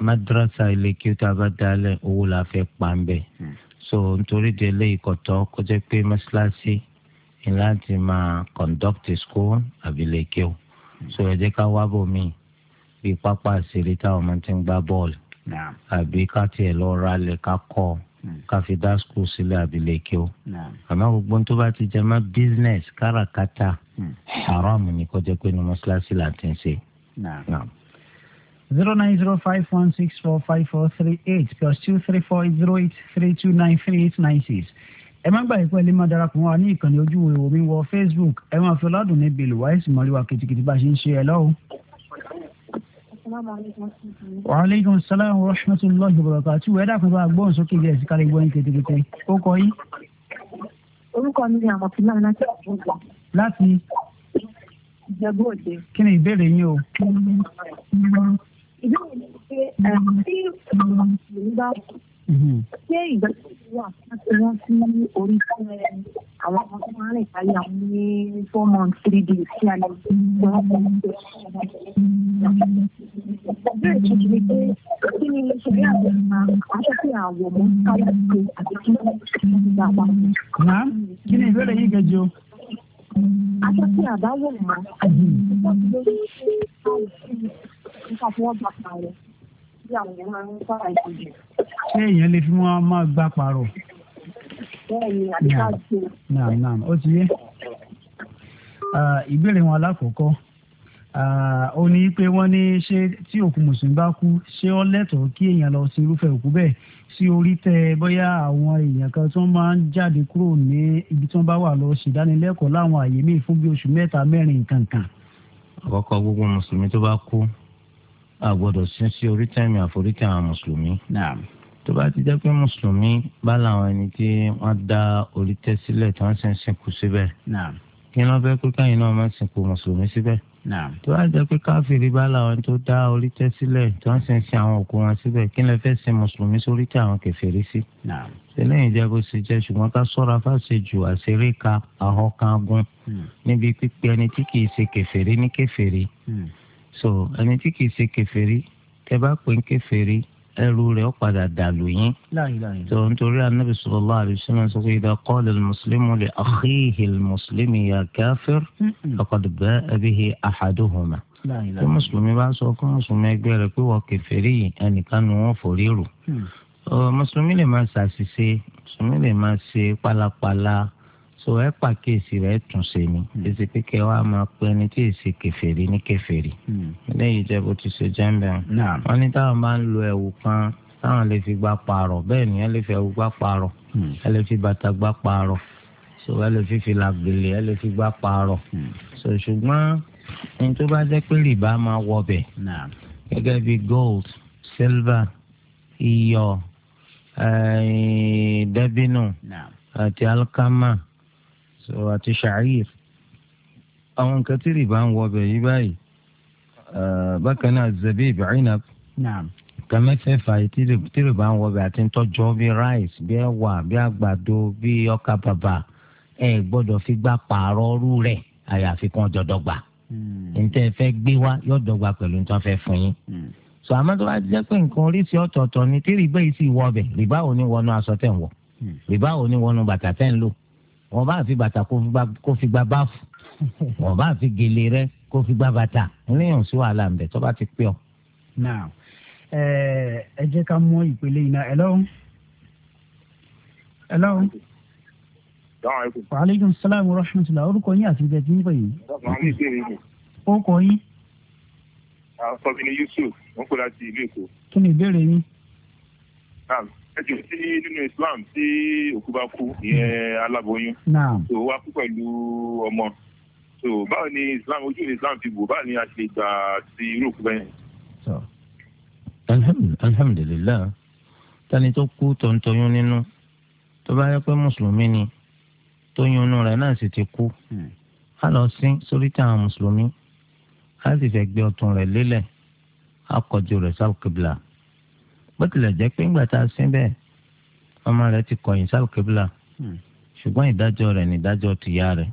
S3: madrasa ilé kéwú tá a bá dálẹ̀ owó la fẹ́ pa ń bẹ̀ hmm. so nítorí di eléyìí kò tọ́ pé mọ́ṣáláṣí ni láti máa conduct school àbílẹ̀ kéw so ẹ jẹ́ ká wá bò mí bí pápá ìṣeré táwọn ọmọ ti ń gbá bọ́ọ̀lù àbí ká tiẹ̀ lọ ralẹ̀ ká kọ́ ọ hmm. ká fi dá school sílẹ̀ àbílẹ̀ kéw àmọ́ gbogbo tó bá ti jẹ mọ́ business káràkátà hmm. haram ni kó jẹ́ pé ní mọ́ṣáláṣí là ti ń ṣe. zero nine
S2: zero five one six four five four three eight plus two three four zero eight three two nine three eight nine six ẹ má gbàgbé pẹ́ẹ́lí máa darapọ̀ wá ní ìkànnì ojú ìwé omi wọ facebook ẹ máa fi ọlọ́dún ní bèlú wáyé sì mọ́lẹ́wà kìtìkìtì bá a ṣe ń ṣe ẹ lọ́wọ́. wa aleykum salaam wa rahmatulahi wa barakatuh ẹ dákun bá a gbóhùn sókè bí ẹsì kálí gbóhùn kìtìkìtì ó kọ yín. orúkọ mi ni àmọ̀fínà láti ìjọba. láti. ìjọba òde. kí ni ìbéèrè yín o.
S4: ìbéèrè ṣé ìgbà tó wà láti wọ́n sí orí fún àwọn ọmọ tó máa ń rìn káyé àwọn ní four months three days kí a lè fi gbọ́ ọmọ ìgbẹ́ ọ̀gbẹ́ ìtújú ni pé kí ni ilé ṣe bí àwọn ọmọ àṣẹ sí àwọn ọmọ káyé ṣe àti kí wọ́n ṣe nígbà pa. náà kí ni ìbéèrè yìí gẹ̀jọ. àṣẹ sí àbáwọ̀ mọ́ wọ́n ti lè ṣe àwọn ìṣẹ́ ìṣàfihàn bàtà rẹ̀ bí àwọn ọmọ ń fara ìṣèjì
S2: ṣé èèyàn lè fi wọn máa gbà pààrọ̀. naam naam ó ti yé ìbéèrè wọn alákọ̀ọ́kọ́ ó ní pé wọ́n ní ṣé tí òkú mùsùlùmí bá kú ṣé ó lẹ́tọ̀ọ́ kí èèyàn lọ sí irúfẹ́ òkú bẹ́ẹ̀ sí orí tẹ bóyá àwọn èèyàn kan tó máa ń jáde kúrò ní ibi tí wọ́n bá wà lọ ṣèdánilẹ́kọ̀ọ́ láwọn àyè míì fún bí oṣù mẹ́ta
S3: mẹ́rin nǹkan kan. àkọ́kọ́ gbogbo mùsùlùmí tó bá kú a gbọ́dọ̀ sí orí tẹ̀mí àforítẹ̀ àwọn mùsùlùmí tó bá ti jẹ́ pé mùsùlùmí bá làwọn ẹni tí wọ́n dá orí tẹ́ sílẹ̀ tí wọ́n sì ń sìnkú síbẹ̀ kí wọ́n fẹ́ pé káyìn náà máa sìnkú mùsùlùmí síbẹ̀ tó bá jẹ́ pé káfíìrì bá làwọn tó dá orí tẹ́ sílẹ̀ tí wọ́n sì ń sin àwọn òkú wọn síbẹ̀ kí wọ́n fẹ́ sin mùsùlùmí sórí tí àwọn kèfèrí sí. eléyìí jẹ́ bó ṣe jẹ́ ṣùgbọ́n ká sọ́ra fáṣe jù àṣírí ka àhọ́ hmm. níbi pípé ẹni tí kìí ṣe hmm. so ẹni tí kìí ṣe kèfèrí ẹrù rẹ̀ ó padà dàlù yín. tó ń torí anabi sallallahu alaihi wasallam sọ pé idha qala al-muslimu li akhihi al-muslimi ya kafir faqad ba'a bihi ahaduhuma tí mùsùlùmí bá sọ fún mùsùlùmí ẹgbẹ́ rẹ̀ pé wọ́n kèfèrí yìí ẹnìkan ni wọ́n forí rò mm. mùsùlùmí lè máa ṣàṣìṣe mùsùlùmí lè máa ṣe pálapàla so ẹ pàkíyèsí rẹ tún ṣe ni èsì pípẹ́ wa máa pé ẹni tí èsì kẹfẹ́rì ní kẹfẹ́rì hmm. lẹ́yìn jẹ́ bó ti ṣe jẹ́ńbẹ̀ wọn ní táwọn máa ń lo ẹ̀wù kan táwọn lè fi gbá paarọ̀ bẹ́ẹ̀ ni ẹ lè fi ẹ̀wù gbá paarọ̀ hmm. ẹ lè fi bàtà gbá paarọ̀ so ẹ lè fi fìlà gbèlè ẹ lè fi gbá paarọ̀ hmm. so ṣùgbọ́n ní tó bá jẹ́ pé rìbá máa wọ bẹ̀ gẹ́gẹ́ bí gold silver iyọ̀ eh, dẹ́bínù àti alkama. Nah àti ṣàáyè àwọn nǹkan tí rìbá ń wọbẹ̀ yí báyìí bákan náà zabib inab
S2: nǹkan
S3: mẹ́fẹ̀ẹ̀fà yìí tí rìbá ń wọbẹ̀ àti ntọ́jọ́ bíi rice bíi ẹ̀wà bíi àgbàdo bíi ọkà bàbà ẹ̀ gbọ́dọ̀ fi gbà pààrọ̀ rú rẹ̀ àyàfi kan jọ̀dọ̀ gbà hmm. ntẹ́ fẹ́ gbé wá yóò dọ́gba pẹ̀lú ntọ́ fẹ́ fún yín hmm. sọ àmọ́ tó bá jẹ́ pé nǹkan oríṣi ọ̀tọ̀ọ̀tọ̀ ni tí rìbá yìí sì wọ ọbẹ̀ rìbá ò ní wọnú aṣọ tẹ̀ ń wọ̀ hmm. rìbá ò ní wọnú bàtà tẹ̀ ń lò wọn bá fi bàtà kó fi gba báfù *laughs* wọn bá fi gèlè rẹ kó fi gba bàtà níyàn sí wàhálà ń bẹ tó bá ti pé ọ.
S2: now ẹ jẹ́ ká mú ìpele iná ẹ lọ́wọ́ ẹ lọ́wọ́. waaleykum salaam wa rahmatulah orúkọ yín àti ìjẹ́ tí ń pè yín.
S4: ó kọ yín. sọ́bìnrin yusuf wọ́n kó láti ìlú èkó. kí ni ìbéèrè yín ẹjọ tí nínú Islam tí òkú bá kú ìyẹn aláboyún tó wá kú pẹ̀lú ọmọ tó báwo ni Islam ojú ni Islam fi wò báwo ni a ṣe gbà sí irú òkú bẹ́ẹ̀.
S3: alhamdulilayi tani tó kú tọ̀ntọ̀yún nínú tó bá yẹ pé mùsùlùmí ni tóyún inú rẹ̀ náà sì ti kú á hmm. lọ sí sórí tí àwọn mùsùlùmí á sì fẹ́ gbé ọ̀tún rẹ̀ lélẹ̀ á kọjú sáà kébìlà bó tilẹ̀ jẹ́ pé ńgbà tá a sin bẹ́ẹ̀ ọmọ rẹ̀ ti kọ̀yìn sálùkébìlà hmm. ṣùgbọ́n ìdájọ́ rẹ̀ ní ìdájọ́ tìyá rẹ̀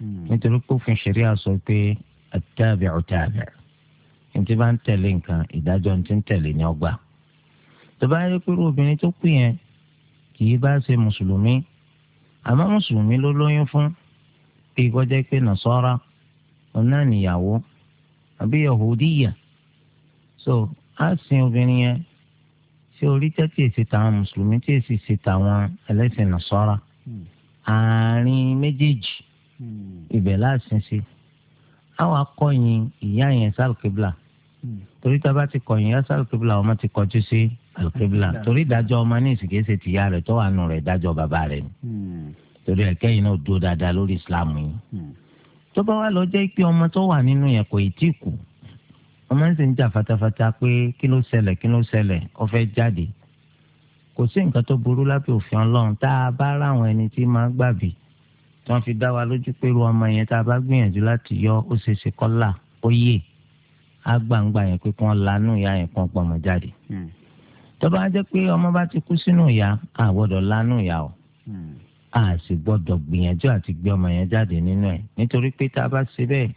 S3: hmm. nítorí pé òfin ṣẹ̀ríà sọ pé àtàbí'ù tàbí'ù ní ti bá ń tẹ̀lé nǹkan ìdájọ́ ní ti ń tẹ̀lé ní ọgbà tó bá pé obìnrin tó kú yẹn kì í bá ṣe mùsùlùmí àmọ́ mùsùlùmí ló lóyún fún bí gbọ́jẹ́ pé nàṣọ́ra ọ̀nà níyàwó àbí yahudiya so á sin obìnrin yẹn tí orí tẹ́ tí èsì tàwọn mùsùlùmí tí èsì sì tàwọn ẹlẹ́sìn nàṣọ́ra hmm. àárín méjèèjì hmm. ibẹ̀ láàsìn sí àwọn akọ̀yìn ìyá yẹn sálùkébìlà hmm. torí tá a bá ti kọ̀yìn yá sálùkébìlà ọmọ ti kọjú sí alukébìlà torí ìdájọ́ ọmọ ní ìsìkéṣe tìyá rẹ̀ tó wà nù rẹ̀ ìdájọ́ bàbá rẹ̀ ni torí ẹ̀kẹ́ yìí náà dúró dáadáa lórí islam yìí tó bá wà lọ jẹ́ ọmọ tó wà nínú yẹn kò ọmọ ń sì jà fatafata pé kí ló ṣẹlẹ̀ kí ló ṣẹlẹ̀ ó fẹ́ jáde kò sí nǹkan tó burú lábẹ́ òfin ọlọ́run tá a bá ráwọn ẹni tí máa gbàbí tí wọ́n fi dá wa lójú pé irú ọmọ yẹn tá a bá gbìyànjú láti yọ ó ṣe é ṣe kọ́là ó yè á gbàǹgbà yẹn pé kí wọ́n lanú ìyá yẹn kan pọ̀ mọ́ jáde hmm. tó bá jẹ́ pé ọmọ bá ti kú sínú ìyá a gbọ́dọ̀ lanú ìyá o hmm. a sì gbọ́dọ̀ gbìyànjú àti gbé ọmọ yẹn jáde nínú ẹ̀ nítorí pé tá a bá ṣe bẹ́ẹ̀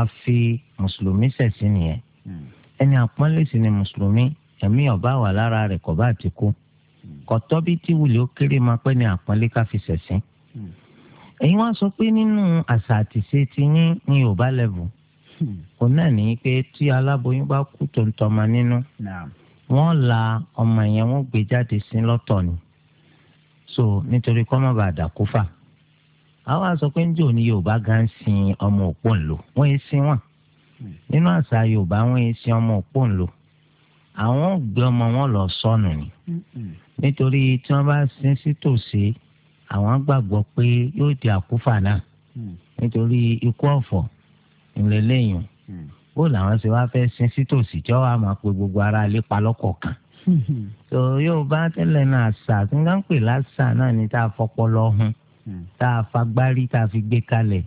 S3: àfi mùsùlùmí ṣẹ̀sìn nìyẹn hmm. ẹni àpọ́nlé sí ni mùsùlùmí ẹ̀mí ọ̀bá wà lára rẹ̀ kọ̀ bá ti kú hmm. kọ̀tọ́ bí tí wùlé ó kéré máa pẹ́ ni àpọ́nlé ká fi ṣẹ̀sìn. Hmm. ẹ̀yin wá sọ pé nínú àṣà àtìṣe ti yín ní yorùbá lẹ́bù kò náà ní pé tí aláboyún bá kú tó ń nínú wọ́n la ọmọ yẹn wọ́n gbé jáde sí lọ́tọ̀ ni so nítorí kọ́ má àwọn aṣọ pé njẹ́ òní yorùbá ga ń sin ọmọ òpó ńlò wọ́n yẹn sin wọn nínú àṣà yorùbá wọ́n yẹn sin ọmọ òpó ńlò àwọn gbé ọmọ wọn lọ sọnù ni nítorí tí wọ́n bá sin sítòsí àwọn gbàgbọ́ pé yóò di àkúfà náà nítorí ikú ọ̀fọ̀ ńlẹ́lẹ́yìn bó làwọn ṣe wá fẹ́ sin sítòsí tí wọ́n á máa pe gbogbo ara ilé pa lọ́kọ̀ọ̀kan tó yóò bá tẹ́lẹ̀ náà àṣà tí wọ́n ń pè láṣà náà ní tá a fọpọlọ hun tá a fagbárí tá a fi gbé kalẹ̀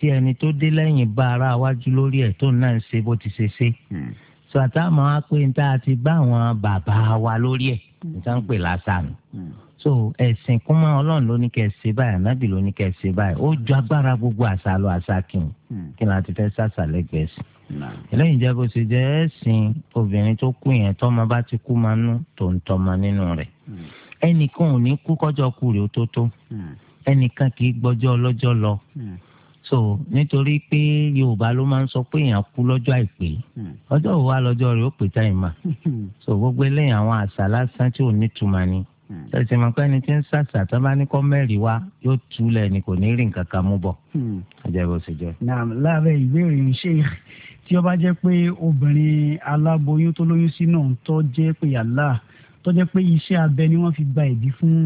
S3: tí ẹni tó dé lẹ́yìn bá ara wájú lórí ẹ̀ tó náà ń ṣe bó ti ṣe ṣe hmm. sọ àtàwọn á pé níta ti bá àwọn bàbá wa lórí ẹ̀ níta ń pè lásán hmm. so ẹ̀sìn kún mọ́ ọlọ́run ló ní kẹ́ ẹ ṣe báyìí ànábì ló ní kẹ́ ẹ ṣe báyìí ó ju agbára gbogbo àṣà lọ àṣà kìnnì hmm. kí ni a ti fẹ́ sàṣàlẹ̀ gbẹ̀ẹ́sì. eléyìí jẹ́ bó ṣe jẹ́ ẹ̀sìn obìnrin tó kú yẹn tọ́mọ bá ti kú máa nú tòǹtọ́mọ nínú rẹ̀ ẹnìkan ò ní kú kọjọ́ kú rèé ó tó tó ẹnìkan kì í gbọ́jọ́ ọlọ́jọ́ lọ hmm. so nítorí pé yorùbá ló máa ń sọ pé èèyàn kú lọ́jọ́ àìpé hmm. ọjọ́ òwò wa lọ́jọ́ rẹ̀ ó pè táyì mà hmm. so gbogbo eléyìí àwọn àṣà lásán tí ò ní tuma ni ṣèṣe mọ̀ pé ẹni tí ń ṣàṣà tó bá ní kọ́ mẹ́rin wá yóò túlẹ̀ ni kò ní rí nǹkan kan mú bọ̀ ọjọ́ ìbò sì jẹ́.
S2: lábẹ́ ìbéèrè ń ṣe tí ó bá jẹ́ pé obìnrin aláboyún tó lóyún sínú tó jẹ́ pé yàrá tó jẹ́ pé iṣẹ́ abẹ ni wọ́n fi gba ìbí fún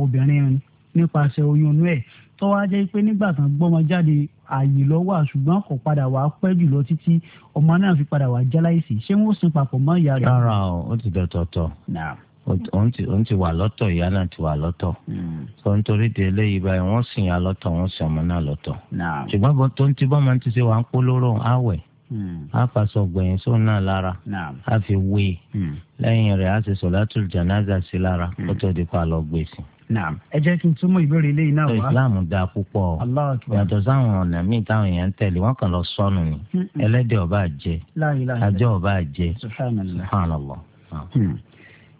S2: obìnrin nípasẹ̀ oyún inú ẹ̀ tó wá jẹ́ pé nígbà tán gbọ́mọ jáde ààyè lọ wà ṣùgbọ́n kò padà wá pẹ́ jùlọ títí ọmọ náà fi padà wá jáláìsì ṣé wọ́n sin papọ̀ mọ́ ìyá
S5: rẹ̀. rárá
S3: o ó ti dọ̀tọ̀tọ̀ òun ti wà lọ́tọ̀ ìyá náà ti wà lọ́tọ̀ tó ń torí de eléyìí báyìí wọ́n sin ìyá lọ́tọ̀ wọ́n sin ọmọ náà lọ́tọ̀ ṣùgbọ́n tó ń ti bọ́ máa ń ti ṣe wà ń polówó àwẹ̀ a hmm. faṣọ gbẹ̀yìn sóun náà lára a fi wé hmm. lẹ́yìn rẹ̀ a ti sọ̀látùl jánásà sí lára hmm. kó tó di pa lọ gbèsè naam
S2: ẹ jẹ́ kí n túmọ̀ ìbéèrè ilé iná wa. islam da púpọ̀ yàtọ̀
S3: sáwọn ọ̀nà míì táwọn èèyàn ń tẹ̀lé wọ́n kàn lọ sọnù ni ẹlẹ́dẹ̀ ọba jẹ ajá ọba jẹ subhanallah. Ah. Hmm.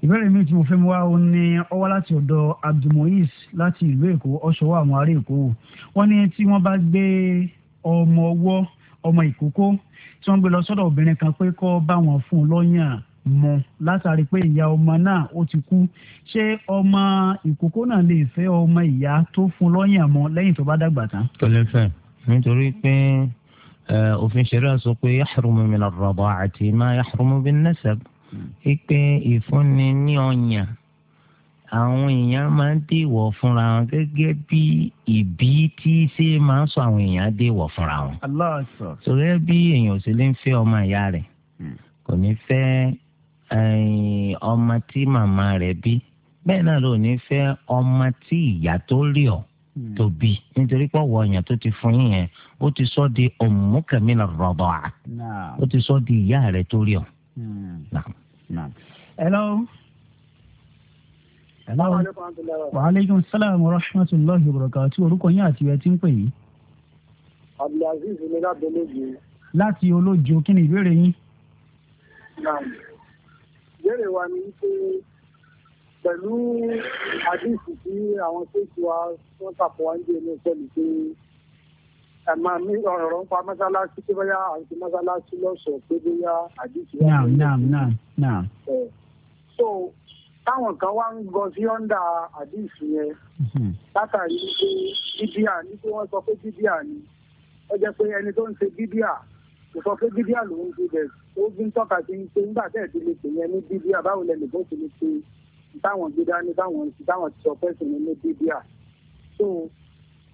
S2: ìbéèrè mi tí mo fẹ́ mú wá o ní ọwọ́ láti ọ̀dọ̀ abdulmoyis láti ìlú èkó ọ̀ṣọ́wọ́ àwọn ará èkó wọ́n ní tí wọ́n bá gbé ọmọ ọwọ́ ọmọ ìkókó tí wọ́n gbé lọ sọ́dọ̀ obìnrin kan pé kó bá wọn fún un lọ́yàn mọ́ látàrí pé ìyá ọmọ náà ó ti kú ṣé ọmọ ìkókó náà lè fẹ́ ọmọ ìyá tó fún lọ́yàn mọ́ lẹ́yìn tó bá dàgbà tán.
S3: kò lè fẹ́ nítorí pé òfin ṣẹlẹ sọ pé yàrùmù mi lọrọbọ àti má yàrùmù bí nẹsẹb pípé ìfúnni ní ọyàn àwọn èèyàn máa ń dèwọ̀ fúnra wọn gẹ́gẹ́ bí ìbí tí ṣe máa ń sọ àwọn èèyàn dèwọ̀ fúnra wọn. sọ̀rọ̀ bí èèyàn ò sì lè fẹ́ ọmọ ìyá rẹ̀ hmm. kò ní fẹ́ ọmọ tí màmá rẹ̀ bí bẹ́ẹ̀ náà ló ní fẹ́ ọmọ tí ìyá tó rí ọ hmm. tó bí nítorí pé ọwọ́ ọyàn tó ti fún yín yẹn ó ti sọ di ọmọkàmínà rọbọ à ó ti sọ di ìyá rẹ̀ tó rí ọ. Hmm.
S2: hello. hello. wa aleykum rahmatulahi wa barakatuh orúkọ yín àti ẹ ti ń pè yín.
S4: abdulaziz ni láti olójo.
S2: láti olójo kí ni ìbéèrè yín
S4: ìbéèrè wa ni wípé pẹ̀lú àdìsí tí àwọn tó ti wa wọ́n tàpọ̀ wá ń jẹ́ ní sọ́ọ̀lù pé ẹ máa mí ọ̀rọ̀ ń pa mọ́sálásí pé bóyá àti mọ́sálásí lọ́sọ̀ọ́ pé bóyá àdìsí wa. naam naam naam naam. so táwọn kan wá ń gbọ́ sí ọ́ndà àdìsí yẹn mm-hmm. látàrí pé bíbíà ní pé wọ́n sọ pé bíbíà ni ó jẹ́ pé ẹni tó ń ṣe bíbíà kò sọ pé bíbíà lòún ṣe bẹ̀rẹ̀ ó fi ń tọ́ka sí ṣe nígbà tẹ́ẹ̀ ti lè pè ní bíbíà báwo lẹ nìkan ti lè ṣe táwọn gbé dání táwọn ti táwọn ti sọ fẹ́sùn ní ní bíbíà so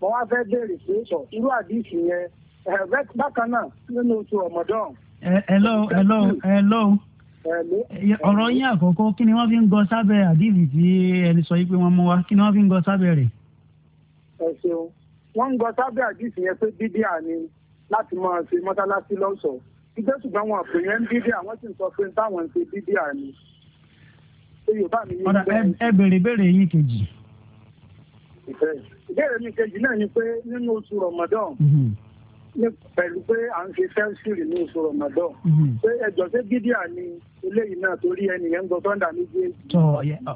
S4: mo wá fẹ́ béèrè pé sọ irú àdìsí yẹn bákan náà nínú oṣù ọmọdán.
S1: hello hello hello
S2: ọ̀rọ̀ yín àkọ́kọ́ kí ni wọ́n fi ń gọ sábẹ́ àdìsí tí ẹni sọ pé wọ́n mú wa kí ni wọ́n fi ń gọ sábẹ́ rẹ̀.
S4: ẹ ṣeun wọ́n ń gọ sábẹ́ àdìsí yẹn pé bíbíà ni láti máa ṣe mọ́sálásí lọ́sọ̀ọ́ ṣùgbọ́n ṣùgbọ́n awọn pè ń dídí àwọn sì ń sọ pé táwọn ń ṣe dídí ọ̀dà ẹ bèrè yín kejì. ìbéèrè mi kejì náà ni pé nínú Ramadan mhm. pẹ̀lú pé à ń ṣe ní oṣù Ramadan mhm. pé ẹjọ́ ṣé dídí eléyìí náà torí ẹnìyẹn ń gbọ́ sọ́ńdà
S2: tọ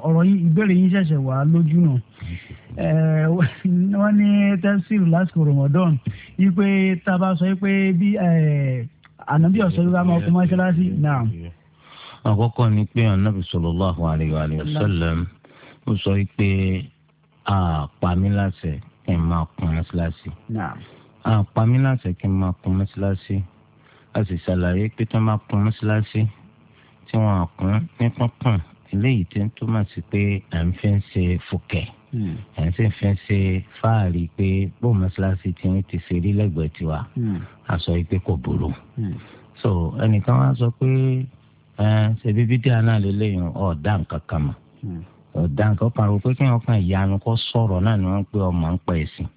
S2: ọrọ yìí ìbéèrè yín wà lójú náà ní lásìkò Ramadan pé tá a ànábì ọ̀sẹ̀ ló bá mọ́ṣáláṣí náà.
S3: àkọ́kọ́ ni pé ànábì sallallahu alaihi wa sallam ó sọ pé àpamí láṣẹ kí n máa kún mọ́ṣáláṣí. àpamí láṣẹ kí n máa kún mọ́ṣáláṣí a sì ṣàlàyé pé tí wọ́n máa kún mọ́ṣáláṣí tí wọ́n á kún ní pọ́npọ́n eléyìí tó ń túmọ̀ sí pé à ń fi ń ṣe fòkẹ́ hmm. à ń sì fi ń ṣe fáàrí pé bó mọ́ṣáláṣí tí ń ti ṣe rí lẹ́gbẹ̀ẹ́ tiwa hmm. a sọ pé kò burú hmm. so ẹnìkan wá sọ pé ẹ ṣe bíbí díẹ̀ náà lélẹ́yìn ọ̀ọ́dà nǹkan kan mọ̀ ọ̀dà nǹkan kan rò pé kí wọ́n kan ìyanu kọ́ sọ̀rọ̀ náà ni wọ́n pé ọmọ ń pẹ́ ẹ̀sìn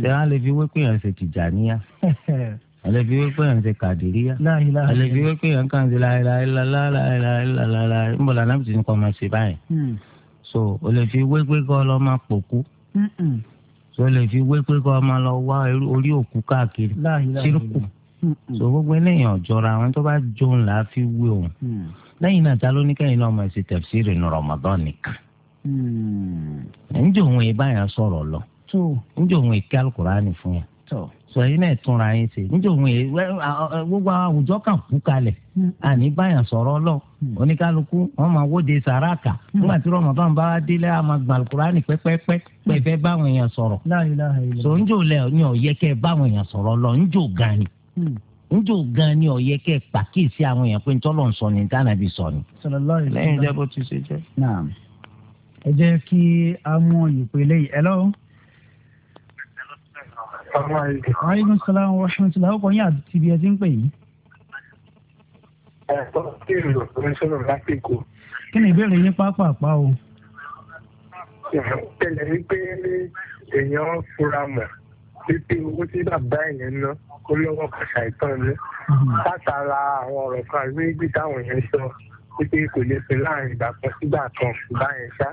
S3: ṣé wọ́n á lè fi wé pé ẹ̀ ń ṣe tìjà níyà *laughs* àlẹbí wípé yàn ń ṣe kàdìríyà àlẹbí wípé yàn kàn ṣe láìláìláìláìláìláìláìlá ńbọ̀lá náà ti ń kọ́ máa ṣe báyìí hmm. so o lè fi wípé kọ́ ọ lọ́ máa pòkú so o lè fi wípé kọ́ ọ máa lọ wá orí òkú káàkiri sírùkù so gbogbo eléyìí ọ̀jọ́ra àwọn tó bá jóun là á fi wé òun hmm. lẹ́yìn náà ta ló ní kẹ́yìn náà máa ṣe tẹ̀fsíìrì ní Ramadan nìkan hmm. ẹ̀ ń jòun ìbáyà sọ̀rọ̀ lọ ń jòun ìkẹ́ Al-Kùránì fún yà. sọyìn náà túnra yín ṣe nítorí gbogbo àwùjọ kan kú kalẹ̀ àní hmm. báyàn sọ̀rọ̀ lọ hmm. oníkálukú wọn máa wóde sàràkà hmm. nígbà tí wọn bá ń bá délé àmọ́ gbàlùkùránì pẹ́pẹ́pẹ́ pẹ̀fẹ́ báwọn èèyàn báwọn èèyàn lọ ni ni pàkíyèsí àwọn èèyàn pé ntọ́lọ̀ ń sọ sọ ni. ti ṣe jẹ́. ẹ jẹ́
S2: kí mú aleykum salaam wa rahmatulah ọkọ yín àti ibi ẹ ti ń pè yìí.
S4: ẹ̀kọ́ kí n lò fún sọ́nà lásìkò. kí ni ìbéèrè yín pápápá o. tẹ̀lé ní pé èèyàn fura mọ̀ títí owó tí bàbá ẹ̀yẹn ná ó lọ́wọ́ kàṣà ìtàn ní. Mm-hmm. látara àwọn ọ̀rọ̀ kan àbí méjì táwọn èèyàn sọ pé kò lè fi láàrin ìgbà kan sígbà kan báyẹn ṣá.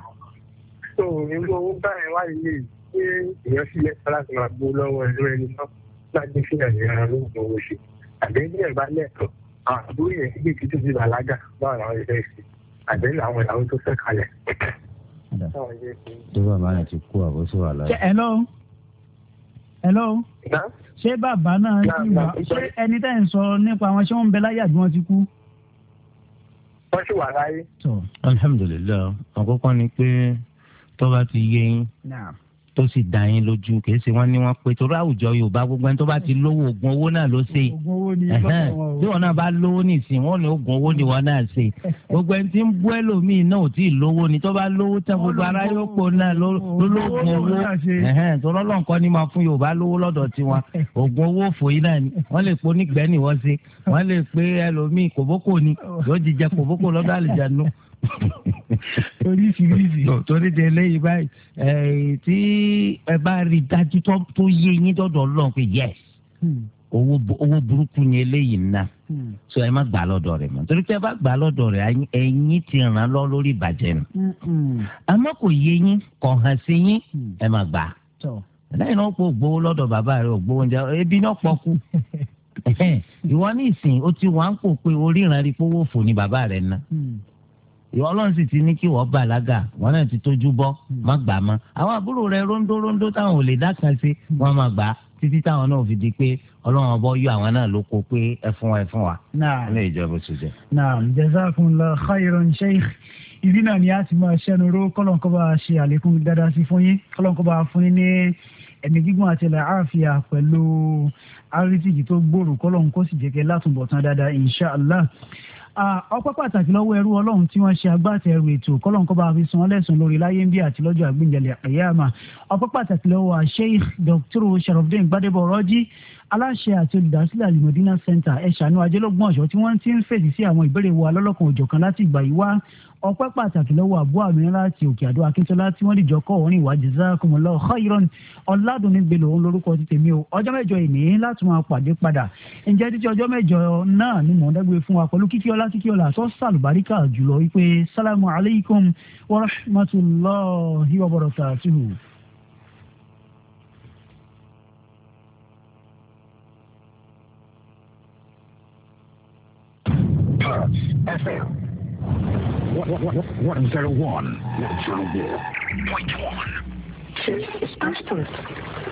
S4: tó o ní owó báyẹn wáyé yìí pé èèyàn sílẹ̀ láti máa gbó lọ́wọ́ ẹ̀rọ ẹni náà láti fi àyẹ̀wò àrùn owó ṣe àbẹ́lẹ̀ ẹ̀bá lẹ́ẹ̀kan àbúrò yẹn bí títí di bàlágà báwo làwọn ẹ̀fẹ́ ṣe àbẹ́lẹ̀ àwọn ìyàwó tó fẹ́ kalẹ̀.
S3: ṣé bàbá yẹn ti kú àbó sí wàhálà.
S2: hello hello ṣé bàbá náà ti wà ṣé ẹni tẹ́ ń sọ nípa wọn ṣé wọ́n ń bẹ láyé àbí wọ́n ti kú
S3: wọ́n sì wà láyé. alhamdulilayi àkọ́kọ́ ni pé tó ti yé yín tó sì dá yín lójú kì í ṣe wọ́n ní wọ́n pé torí àwùjọ yorùbá gbogbo ẹni tó bá ti lówó oògùn owó náà ló ṣe bí wọn náà bá lówó nìsín wọn ní oògùn owó ni wọn náà ṣe gbogbo ẹni tí ń bú ẹlòmíín náà ò tí ì lówó ni tó bá lówó tán gbogbo ara yóò pò náà ló lóògùn owó tọ́lọ́ lọ́nkọ́ ni máa fún yorùbá lówó lọ́dọ̀ tiwọn oògùn owó fòyí náà ni wọ́n lè po nígbẹ́ wọ́n ṣe wọ́n lè pé ẹlòmíín kòbókò ni
S5: *laughs* oríṣiríṣi.
S3: torí de eléyìí báyìí tí ẹ bá rí dájú tó yé yín dọ́dọ̀ ọlọ́run pé yes hmm. owó owó burúkú ni eléyìí ná hmm. so ẹ má gbà lọ́dọ̀ rẹ̀ mọ́ torí pé ẹ bá gbà lọ́dọ̀ rẹ̀ ẹ̀yin ti ràn lọ lórí ìbàjẹ́ nù hmm, àmọ́ kò yé yín kò hàn sí yín ẹ má gbà lẹ́yìn náà kò gbowó lọ́dọ̀ bàbá rẹ̀ ò gbowó oúnjẹ ebi náà pọ̀ kú *laughs* ìwọ ní ìsìn o ti wà ń pò pé orí ìrànlẹ́ owó fò ní bàbá rẹ̀ ná ìwọ ọlọ́run sì ti ní kí wọ́n bàlágà wọn náà ti tójú bọ́ má gbà á mọ́ àwọn àbúrò rẹ róńdó róńdó táwọn ò lè dákan sí wọn má gbà á títí táwọn náà fi di pé ọlọ́run ọbọ̀ yọ àwọn náà ló kó pé ẹ fún wa ẹ fún wa. náà ilé ìjọba oṣù jẹ.
S2: náà jazakumullahu khairan sheikh ibi náà ni a ti máa ṣẹnu ró kọ́lọ́nkọ́ba ṣe àlékún dáadáa sí fún yín kọ́lọ́nkọ́ba fún yín ní ẹ̀mí gígùn àti ilẹ̀ àáfíà pẹ̀lú àrísìkì tó gbòòrò kọ́lọ́nkọ́ sì jẹ́kẹ́ látùbọ̀tán dáadáa insha ọpẹ́ pàtàkì lọ́wọ́ ẹrú ọlọ́run tí wọ́n ṣe agbátẹrù ètò kọ́lọ́n kọ́ bá fi san lẹ́sùn lórí láyé ń bí àti lọ́jọ́ àgbéǹjẹ̀lẹ̀ àyàmà ọpẹ́ pàtàkì lọ́wọ́ Sheikh Dr. Sharafdin Gbadebo Rọ́jí aláṣẹ àti olùdásílẹ̀ alimọ̀dínà center ẹ̀ṣánú ajẹ́lógún ọ̀ṣọ́ tí wọ́n ti ń fèsì sí àwọn ìbéèrè wa lọ́lọ́kan òjọ̀kan láti ìgbà yìí wá ọpẹ́ pàtàkì lọ́wọ́ àbúrò àmìlẹ́lá àti òkè àdó akíntola tí wọ́n dìjọ kọ́ orin ìwà jazakumullahu khairan ọ̀làdùnní gbèlò òun lórúkọ ti tèmi o ọjọ́ mẹ́jọ ìní láti máa pàdé padà ǹjẹ́ títí ọjọ́ mẹ́jọ náà ni mò ń dẹ́gbẹ́ fún wa pẹ̀lú kíkíọ́lá kíkíọ́lá tó sàlùbáríkà jùlọ wípé sálámù alaykum wa rahmatulahi wa barakatuhu.
S5: Trance FM. 101. 101. Point